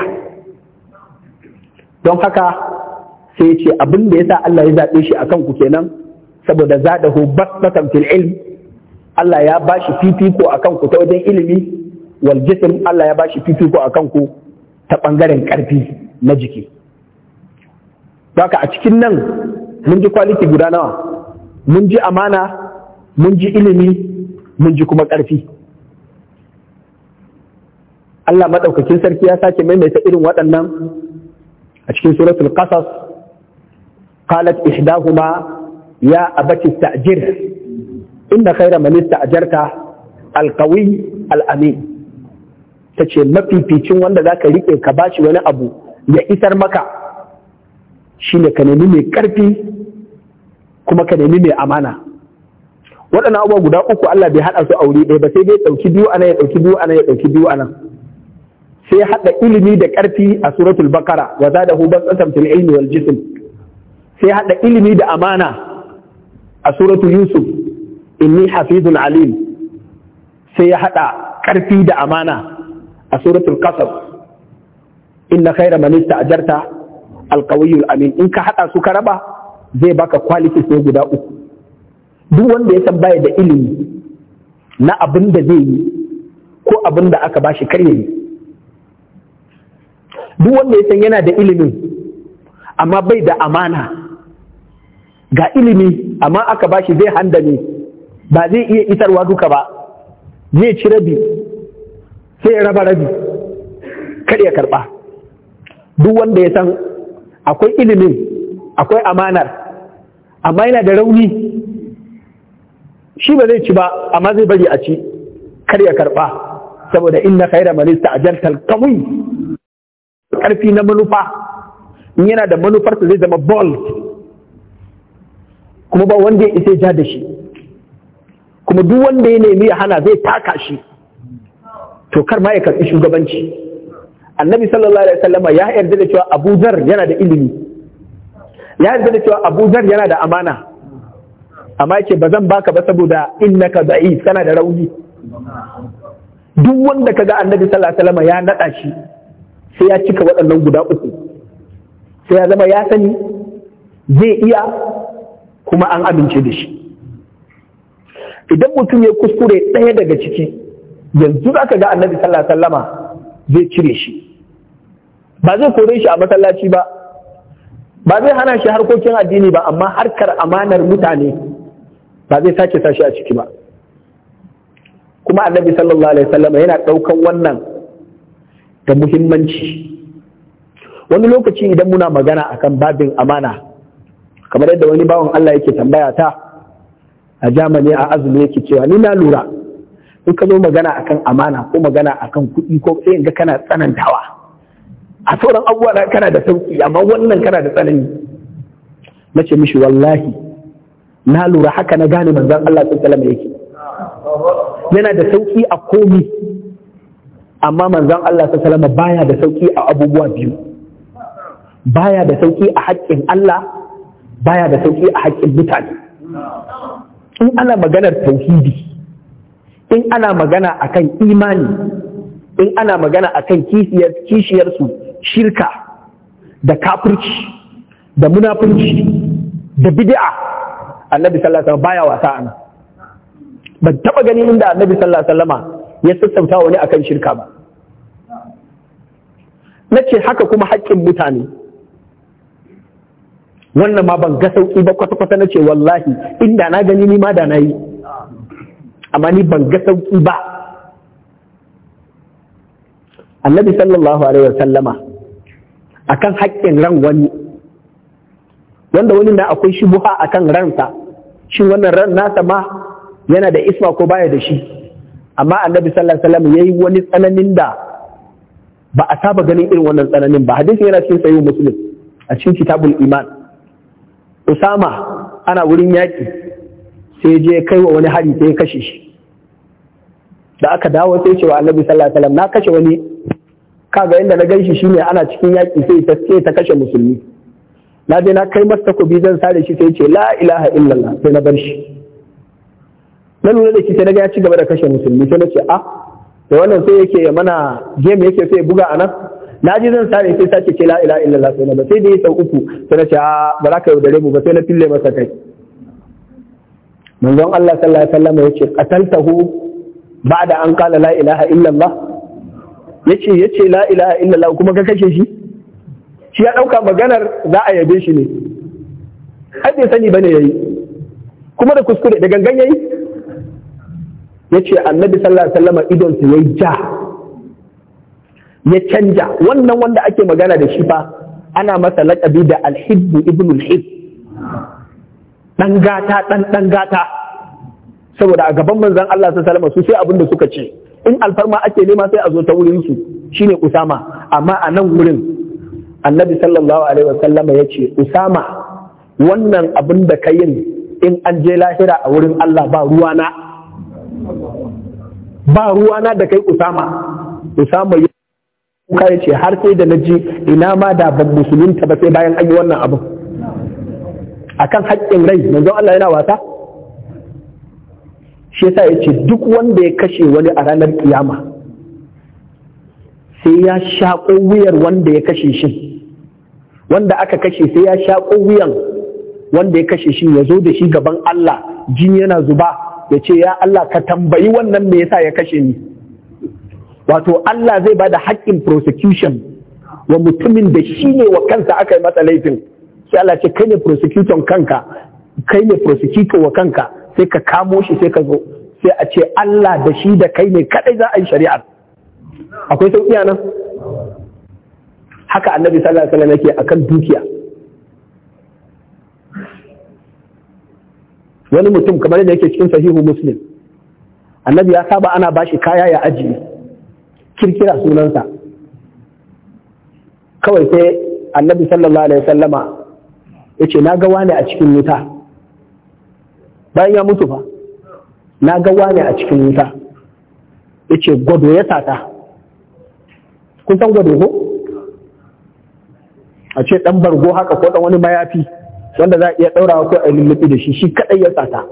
don haka sai ce abin da sa Allah ya zaɓe shi akan ku kenan saboda hu basatan fil ilm Allah ya ba shi fifiko a kanku ta wajen ilimi wal jisim Allah ya ba shi fifiko a kanku ta ɓangaren ƙarfi na jiki. Baka a cikin nan mun ji kwaliti guda nawa, mun ji amana, mun ji ilimi, mun ji kuma ƙarfi. Allah maɗaukakin sarki ya sake maimaita irin waɗannan a cikin suratul qasas qalat ihdahuma ya abati ta'jir inna khaira man ista'jarta alqawi alamin tace mafificin wanda zaka rike ka bashi wani abu ya isar maka shine ka nemi mai karfi kuma ka nemi mai amana waɗannan abubuwa guda uku Allah bai haɗa su a wuri ɗaya ba sai bai ɗauki biyu anan ya ɗauki biyu anan ya ɗauki biyu anan sai haɗa ilimi da ƙarfi a suratul bakara wa zadahu basatan fil ilmi wal jism sai haɗa ilimi da amana a suratul yusuf inni hafizun alim sai ya haɗa karfi da amana a suratul qasas inna khayra man ista'jarta alqawiyul amin in ka haɗa su ka raba zai baka quality sai guda uku duk wanda ya san baya da ilimi na abin da zai yi ko abin da aka bashi kar yi duk wanda ya san yana da ilimin amma bai da amana ga ilimi amma aka bashi zai handame ba zai iya isarwa duka ba zai ci rabi sai raba rabi kar ya karba duk wanda ya san akwai ilimin akwai amanar amma yana da rauni shi ba zai ci ba amma zai bari a ci kar ya karba saboda inna khaira man ista'jalta al-qawi karfi na manufa in yana da manufarsa zai zama bold kuma ba wanda ya isa ja da shi kuma duk wanda ya nemi ya hana zai taka shi to kar ma ya karɓi shugabanci annabi sallallahu alaihi wasallama ya yarda da cewa Abu zar yana da ilimi ya yarda da cewa Abu zar yana da amana amma yake ba zan baka ba saboda innaka da'if kana da rauni duk wanda kaga annabi sallallahu alaihi wasallama ya nada shi sai ya cika waɗannan guda uku sai ya zama ya sani zai iya kuma an amince da shi idan mutum ya kuskure ɗaya daga ciki yanzu za ka ga annabi sallallahu zai cire shi ba zai kore shi a masallaci ba ba zai hana shi harkokin addini ba amma harkar amanar mutane ba zai sake sashi a ciki ba kuma annabi sallallahu alaihi sallama yana ɗaukan wannan da muhimmanci wani lokaci idan muna magana akan babin amana kamar yadda wani bawan Allah yake tambaya ta a jamani a azumi yake cewa ni na lura in ka zo magana akan amana ko magana akan kuɗi ko sai ga kana tsanantawa a sauran abubuwa kana da sauki amma wannan kana da tsanani na ce mishi wallahi na lura haka na gane manzon Allah sallallahu alaihi yake yana da sauki a komi amma manzon Allah sallallahu alaihi baya da sauki a abubuwa biyu baya da sauki a haƙƙin Allah baya da sauki a haƙƙin mutane in ana maganar tauhidi in ana magana akan imani in ana magana akan kishiyarsu shirka da kafirci da munafurci da bid'a annabi sallallahu alaihi baya wasa ana ban taba gani inda annabi sallallahu alaihi ya sassauta wani akan shirka ba nace haka kuma haƙƙin mutane wannan ma ban ga sauki ba kwata-kwata na ce wallahi inda na gani ni ma da na yi amma ni ban ga sauki ba annabi sallallahu alaihi wasallama akan haƙƙin ran wani wanda wani na akwai shubuha akan ransa shi wannan ran nasa ma yana da isma ko baya da shi amma annabi sallallahu alaihi wasallam yayi wani tsananin da ba a saba ganin irin wannan tsananin ba hadisi yana cikin sayyid muslim a cikin kitabul iman usama ana wurin yaƙi sai je kai wa wani hari sai ya kashe shi da aka dawo sai cewa annabi sallallahu alaihi wasallam na kashe wani kaga inda na ganshi shine ana cikin yaƙi sai ta sai ta kashe musulmi na je na kai masa takobi zan sare shi sai ce la ilaha illallah sai na bar shi na lura da shi sai na gaya ya ci gaba da kashe musulmi sai na ce a ah, da wannan sai yake mana game yake sai buga anan na ji zan sare sai sace ce la ilaha illallah sai na ba sai da ya sau uku sai na ce a ah, ba za ka yaudare mu ba sai na fille masa kai manzon Allah sallallahu alaihi wasallam yace qataltahu ba'da an qala la ilaha illallah yace yace la ilaha illallah kuma ka kashe shi shi ya dauka maganar za a yabe shi ne ai bai sani bane yayi kuma da kuskure da gangan yayi yace annabi sallallahu alaihi wasallam idon sa yayi ja ya canja wannan wanda ake magana da shi fa ana masa laƙabi da alhibbu ibnul hib dan gata dan dan gata saboda a gaban manzon Allah sallallahu alaihi su sai abin da suka ce in alfarma ake nema sai a zo ta wurin su shine Usama amma a nan wurin Annabi sallallahu alaihi wasallam ya ce Usama wannan abin da yin in an je lahira a wurin Allah ba ruwana ba ruwana da kai Usama Usama kuka ya ce har sai da na ji ina ma da ban musulunta ba sai bayan an yi wannan abin kan haƙƙin rai manzon Allah yana wasa shi yasa ya ce duk wanda ya kashe wani a ranar kiyama sai ya shaƙo wuyar wanda ya kashe shi wanda aka kashe sai ya shaƙo wuyan wanda ya kashe shi ya zo da shi gaban Allah jini yana zuba ya ce ya Allah ka tambayi wannan me yasa ya kashe ni wato Allah zai ba da haƙƙin prosecution wa mutumin da shi ne wa kansa aka yi masa laifin sai Allah ce kai ne prosecutor kanka kai ne prosecutor wa kanka sai ka kamo shi sai ka zo sai a ce Allah da shi da kai ne kadai za a yi shari'a akwai sauƙiya nan haka annabi sallallahu alaihi wasallam yake akan dukiya wani mutum kamar da yake cikin sahihu muslim annabi ya saba ana bashi kaya ya ajiye kirkira sunansa kawai sai annabi sallallahu alaihi sallama ya ce na ga wani a cikin wuta bayan ya mutu fa na ga wani a cikin wuta ya ce gwado ya sata kun san gwado ko a ce ɗan bargo haka ko ɗan wani mayafi wanda za a iya ɗaurawa ko a lullubi da shi shi kaɗai ya sata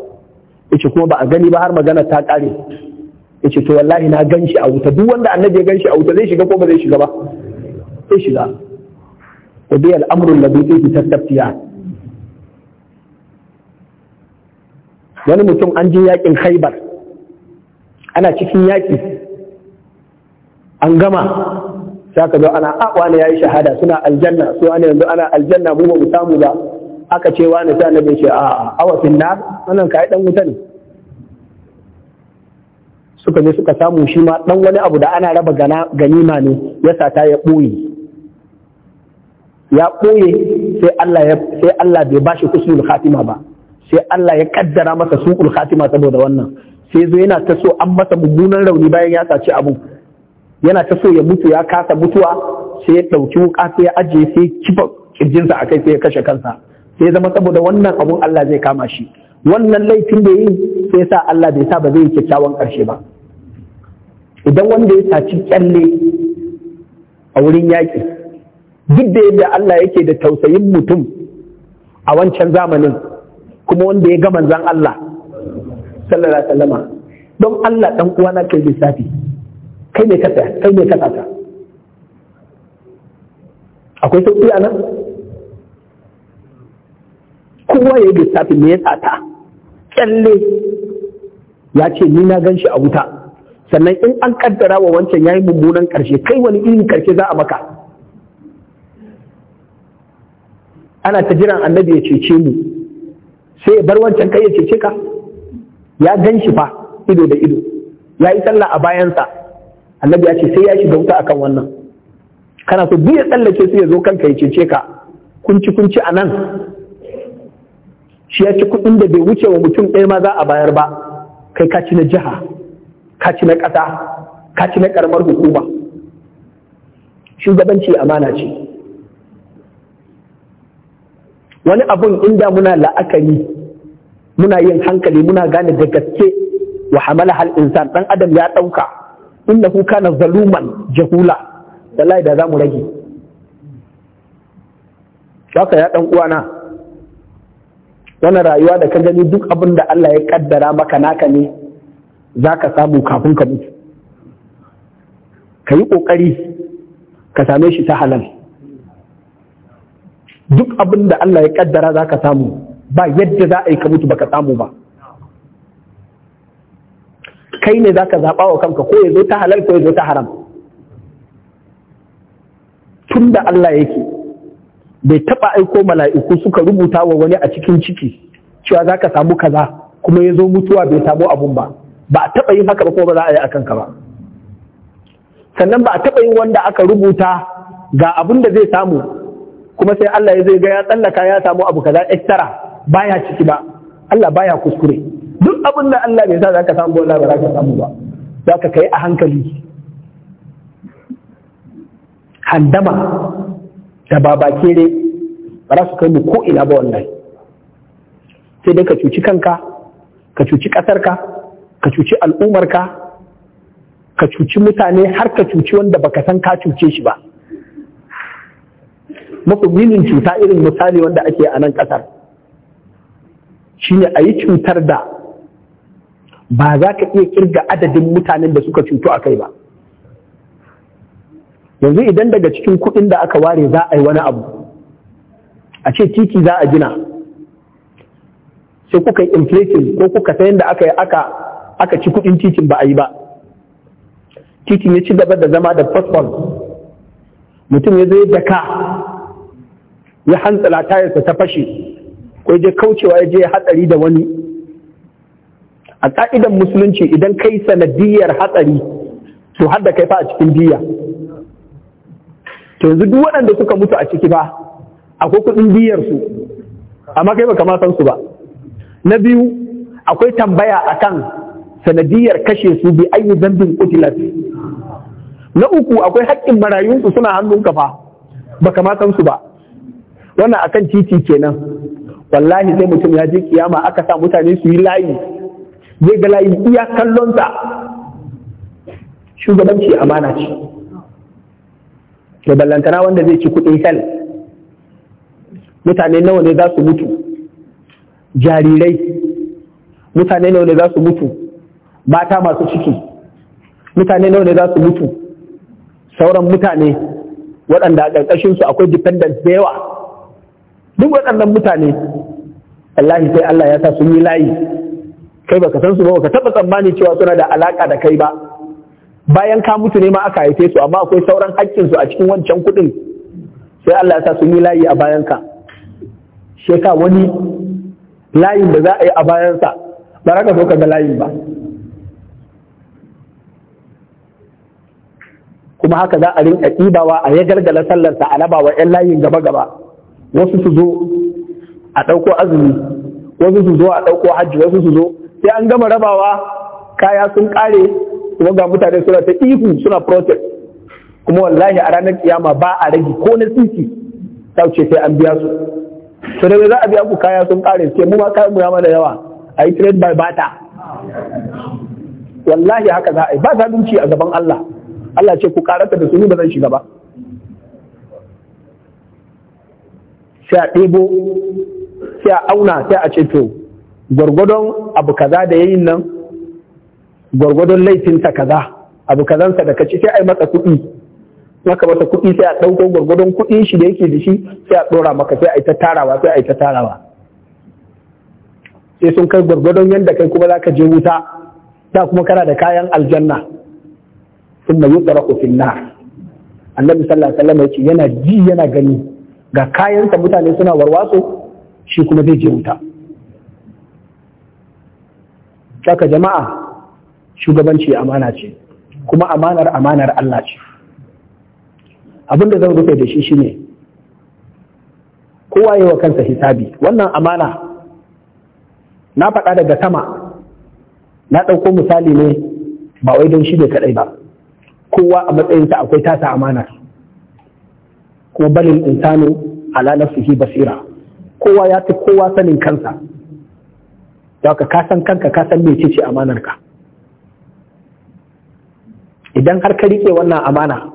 ya ce kuma ba a gani ba har magana ta ƙare yace to wallahi na ganshi a wuta duk wanda annabi ya ganshi a wuta zai shiga ko ba zai shiga ba zai shiga wa bi al-amru alladhi fihi tastaftiyan wani mutum an je yakin Khaibar ana cikin yaki an gama sai ka zo ana a wani yayi shahada suna aljanna su wani yanzu ana aljanna mu ba mu samu ba aka ce wani sai annabi ce a awatin nar wannan kai dan wuta ne suka je suka samu shi ma Ɗan wani abu da ana raba ganima ne ya sata ya ɓoye ya ɓoye sai Allah ya sai Allah bai bashi husnul khatima ba sai Allah ya kaddara masa suqul khatima saboda wannan sai zo yana ta so an masa mummunan rauni bayan ya saci abu yana ta so ya mutu ya kasa mutuwa sai ya ɗauki wuka sai ya ajiye sai kifa kirjinsa a kai sai ya kashe kansa sai zama saboda wannan abun Allah zai kama shi wannan laifin da yi sai sa Allah bai sa ba zai yi kyakkyawan ƙarshe ba idan wanda ya saci kyalle a wurin yaƙi duk da yadda Allah yake da tausayin mutum a wancan zamanin kuma wanda ya gama zan Allah sallallahu alaihi don Allah dan uwana kai lissafi kai ne kasa kai ne kasa akwai sauki a nan kowa ya yi lissafi me ya ta? kyalle ya ce ni na gan shi a wuta sannan in an kaddara wa wancan yayi mummunan karshe kai wani irin karshe za a maka ana ta jiran annabi ya cece mu sai ya bar wancan kai ya cece ka ya gan shi fa ido da ido ya yi sallah a bayansa annabi ya ce sai ya shiga wuta akan wannan kana so biya tsallake su ya zo kanka ya cece ka kunci kunci a nan shi ya ci kuɗin da bai wuce wa mutum ɗaya ma za a bayar ba kai ka ci na jiha kaci ci na ƙasa kaci ci na ƙaramar hukuma shugabanci amana ce wani abun inda muna la'akari muna yin hankali muna gane da gaske wa hamala hal insan dan adam ya ɗauka kuka na zaluman jahula wallahi da za mu rage shaka ya ɗan uwana Wani rayuwa da ka gani duk abin da Allah ya ƙaddara maka naka ne za ka samu kafin ka mutu ka yi ƙoƙari ka same shi ta halal duk abin da Allah ya kaddara za ka samu ba yadda za a yi ka mutu ba ka samu ba kai ne za ka zaɓa wa kanka ko ya zo ta halal ko ya zo ta haram tun da Allah yake bai taɓa aiko mala'iku suka rubuta wa wani a cikin ciki cewa za ka samu kaza kuma ya zo mutuwa bai samu abun ba ba a taɓa yin haka ba ko ba za a yi a kanka ba sannan ba a taɓa yin wanda aka rubuta ga abin da zai samu kuma sai Allah ya zai ga ya tsallaka ya samu abu kaza extra baya ciki ba Allah baya kuskure duk abin da Allah bai sa za ka samu ba za ka samu ba za ka kai a hankali handama da babakere ba za su kai mu ko ina ba wallahi sai dai ka cuci kanka ka cuci ƙasarka ka cuci al'umarka ka cuci mutane har ka cuci wanda baka san ka cuce shi ba mafuminin cuta irin misali wanda ake a nan ƙasar ne a yi cutar da ba za ka iya kirga adadin mutanen da suka cutu a kai ba yanzu idan daga cikin kuɗin da aka ware za a yi wani abu a ce titi za a gina sai kuka yi inflating ko kuka sayan da aka yi aka aka ci kuɗin titin ba a yi ba titin ya ci gaba da zama da fasfon mutum ya zai daka ya hantsala tayarsa ta fashe ko je kaucewa ya je hatsari da wani a ka'idan musulunci idan kai sanadiyar hatsari to har da kai fa a cikin diya to yanzu duk waɗanda suka mutu a ciki ba akwai kuɗin diyarsu amma kai baka kama san su ba na biyu akwai tambaya akan sanadiyar kashe su bi ayi zambin kutilat na uku akwai haƙƙin marayunsu suna hannun kafa ba kamatan su ba wannan a kan titi kenan wallahi sai mutum ya je kiyama aka sa mutane su yi layi zai ga layi iya kallonta shugabanci amana ce da ballantana wanda zai ci kuɗin hel mutane nawa ne za su mutu jarirai mutane nawa ne za su mutu mata masu ciki mutane nawa ne za su mutu sauran mutane waɗanda a ƙarƙashin su akwai dependent da yawa duk waɗannan mutane Allah sai Allah ya sa sun yi layi kai baka san su ba baka taɓa tsammani cewa suna da alaƙa da kai ba bayan ka mutu ne ma aka haife su amma akwai sauran haƙƙinsu a cikin wancan kuɗin sai Allah ya sa sun yi layi a bayan ka sheka wani layin da za a yi a bayansa ba ka so ka ga layin ba kuma haka za a rinka ɗibawa a ya gargala sallarsa a raba wa 'yan layin gaba gaba wasu su zo a ɗauko azumi wasu su zo a ɗauko hajji wasu su zo sai an gama rabawa kaya sun ƙare kuma ga mutane suna ta ihu suna protest kuma wallahi a ranar kiyama ba a rage ko na sisi ta ce sai an biya su to da za a biya ku kaya sun ƙare sai mu ma kayan mu ya mana yawa a yi trade by barter wallahi haka za a yi ba zalunci a gaban Allah Allah ce ku karanta da su ba zan shiga ba sai a ɗebo sai a auna sai a ce to gwargwadon abu kaza da yayin nan gwargwadon laifinsa kaza abu kazansa da kaci sai a yi masa kuɗi maka masa kuɗi sai a ɗauko gwargwadon kuɗin shi da yake da shi sai a ɗora maka sai a yi ta tarawa sai a yi ta tarawa sai sun kai gwargwadon yadda kai kuma za ka je wuta da kuma kana da kayan aljanna thumma yuqra'u fil na. annabi sallallahu alaihi wasallam yace yana ji yana gani ga kayansa mutane suna warwaso shi kuma zai je wuta saka jama'a shugabanci amana ce kuma amanar amanar Allah ce abin da zan rufe da shi shine kowa yi wa kansa hisabi wannan amana na faɗa daga sama na ɗauko misali ne ba wai don shi da kaɗai ba kowa a matsayinta akwai tasa amanar kuma balin insanu ala nafsihi basira kowa ya fi kowa sanin kansa Daga ka san kanka ka san mai ce amanar idan har ka rike wannan amana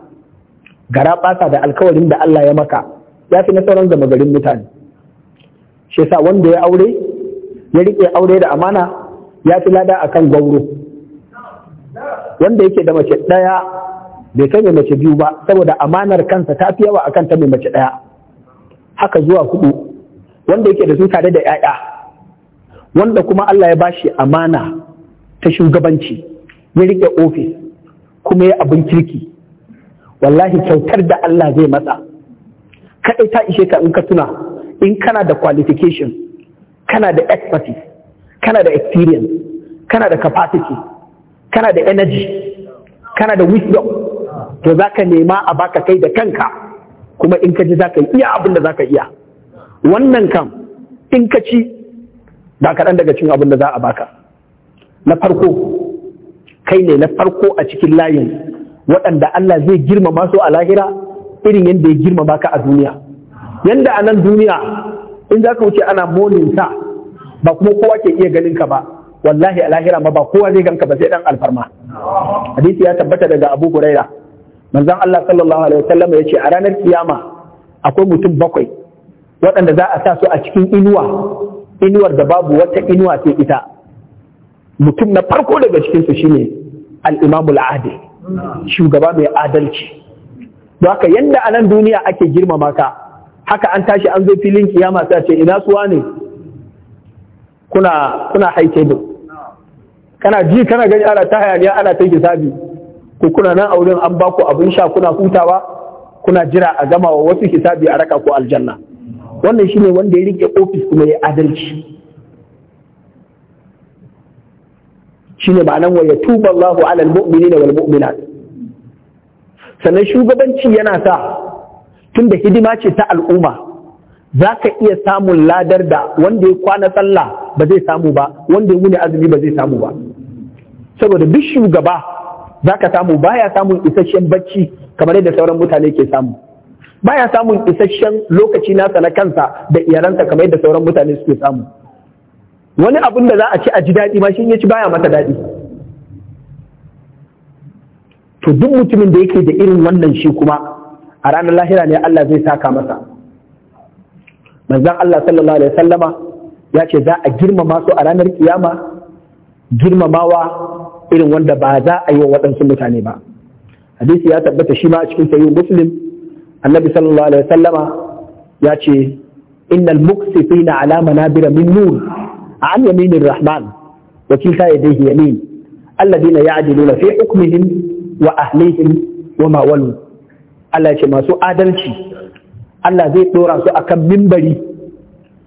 gara ɓata da alkawarin da Allah ya maka ya fi na sauran gama garin mutane shi yasa wanda ya aure ya rike aure da amana ya fi lada akan gauro wanda yake da mace ɗaya bai kai mai mace biyu ba saboda amanar kansa ta fi yawa akan ta mai mace ɗaya haka zuwa hudu wanda yake da su tare da 'ya'ya wanda kuma Allah ya bashi amana ta shugabanci ya rike ofis kuma ya abin kirki wallahi kyautar da Allah zai matsa kaɗai ta ishe ka in ka tuna in kana da qualification kana da expertise kana da experience kana da capacity kana da energy kana da wisdom to za ka nema a baka kai da kanka kuma in ka ji za ka iya abin da za ka iya wannan kam in ka ci ba kaɗan daga cin abin da za a baka na farko kai ne na farko a cikin layin waɗanda Allah zai girmama su a lahira irin yadda ya girmama ka a duniya yadda a nan duniya in za ka wuce ana sa ba kuma kowa ke iya ganin ka ba wallahi a lahira ma ba kowa zai ganka ba sai dan alfarma hadisi ya tabbata daga abu huraira manzon Allah sallallahu alaihi wasallam ya ce a ranar kiyama akwai mutum bakwai waɗanda za a sa su a cikin inuwa inuwar da babu wata inuwa sai ita mutum na farko daga cikinsu shine al'imamul imamu adil shugaba mai adalci don haka yanda a nan duniya ake girmama ka haka an tashi an zo filin kiyama sai ce ina suwa ne kuna kuna high kana ji kana gani ana ta hayaniya ana ta hisabi ku kuna nan a wurin an ba ku abin sha kuna hutawa kuna jira a gama wa wasu hisabi a raka ko aljanna wannan shine wanda ya rike ofis kuma ya adalci shine nan wa tuba Allahu 'ala al-mu'minina wal mu'minat sannan shugabanci yana sa tunda hidima ce ta al'umma za ka iya samun ladar da wanda ya kwana sallah ba zai samu ba wanda ya wuni azumi ba zai samu ba saboda duk shugaba za ka samu baya samun isasshen bacci kamar yadda sauran mutane ke samu baya samun isasshen lokaci nasa na kansa da iyalansa kamar yadda sauran mutane suke samu wani abin da za a ci a ji daɗi ma shi ya ci baya mata daɗi to duk mutumin da yake da irin wannan shi kuma a ranar lahira ne Allah zai saka masa manzon Allah sallallahu alaihi wasallama ya ce za a girmama su a ranar kiyama girmamawa irin wanda ba za a yi wa waɗansu mutane ba hadisi ya tabbata shi ma a cikin sayyid muslim annabi sallallahu alaihi wasallama ya ce innal muksifina ala manabira min nur an yaminir rahman wa ya yadayhi yamin alladina ya'diluna fi hukmihim wa ahlihim wa ma walu Allah ya ce masu adalci Allah zai dora su akan mimbari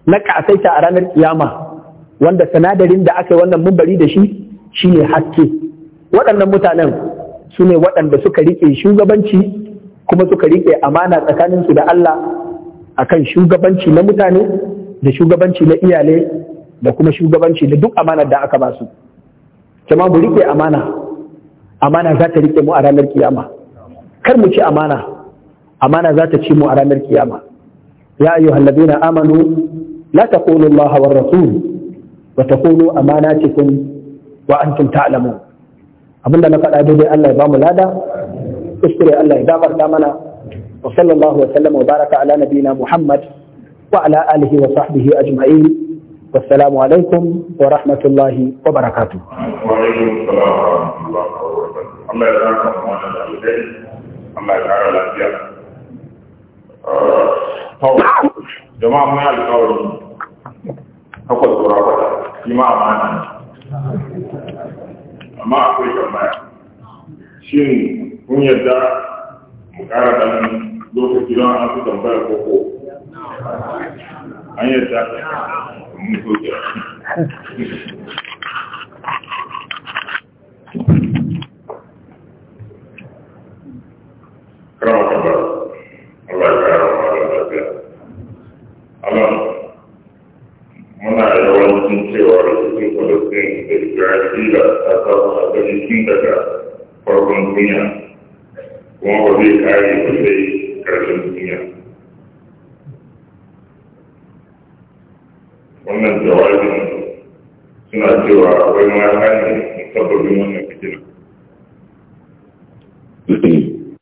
na kasaita a ranar kiyama wanda sanadarin da aka yi wannan mimbari da shi Shi ne haske waɗannan mutanen su ne waɗanda suka riƙe shugabanci kuma suka riƙe amana tsakaninsu da Allah akan shugabanci na mutane da shugabanci na iyale da kuma shugabanci da duk amanar da aka basu kama jama mu riƙe amana amana za ta riƙe mu a ranar kiyama kar mu ci amana amana za ta ci mu a ranar kiyama ya ayyuhal na amanu la taqulu rasu. Ba rasul wa amana cikin. وأنتم تعلمون أبدا ما قد أدري أن الله يبام الأدى أشكري أن الله يبام الأمنة وصلى الله وسلم وبارك على نبينا محمد وعلى آله وصحبه أجمعين والسلام عليكم ورحمة الله وبركاته وعليكم السلام ورحمة الله وبركاته الله إذا كان الله يبام jama'a mai alƙawarin akwai tsoron imama na amma akwai tambaya shin kun yadda mu ƙara ɗan lokaci don an su tambaya ko ko an yadda mun so kira karama tambaya Allah ya kara wa Allah muna wani. cewa rubutun kwallafin da jirage da ta samu a gani tun daga farkon duniya kuma ba zai kare a sai karshen duniya wannan jawabin suna cewa akwai mata ne musabbabin wannan fitina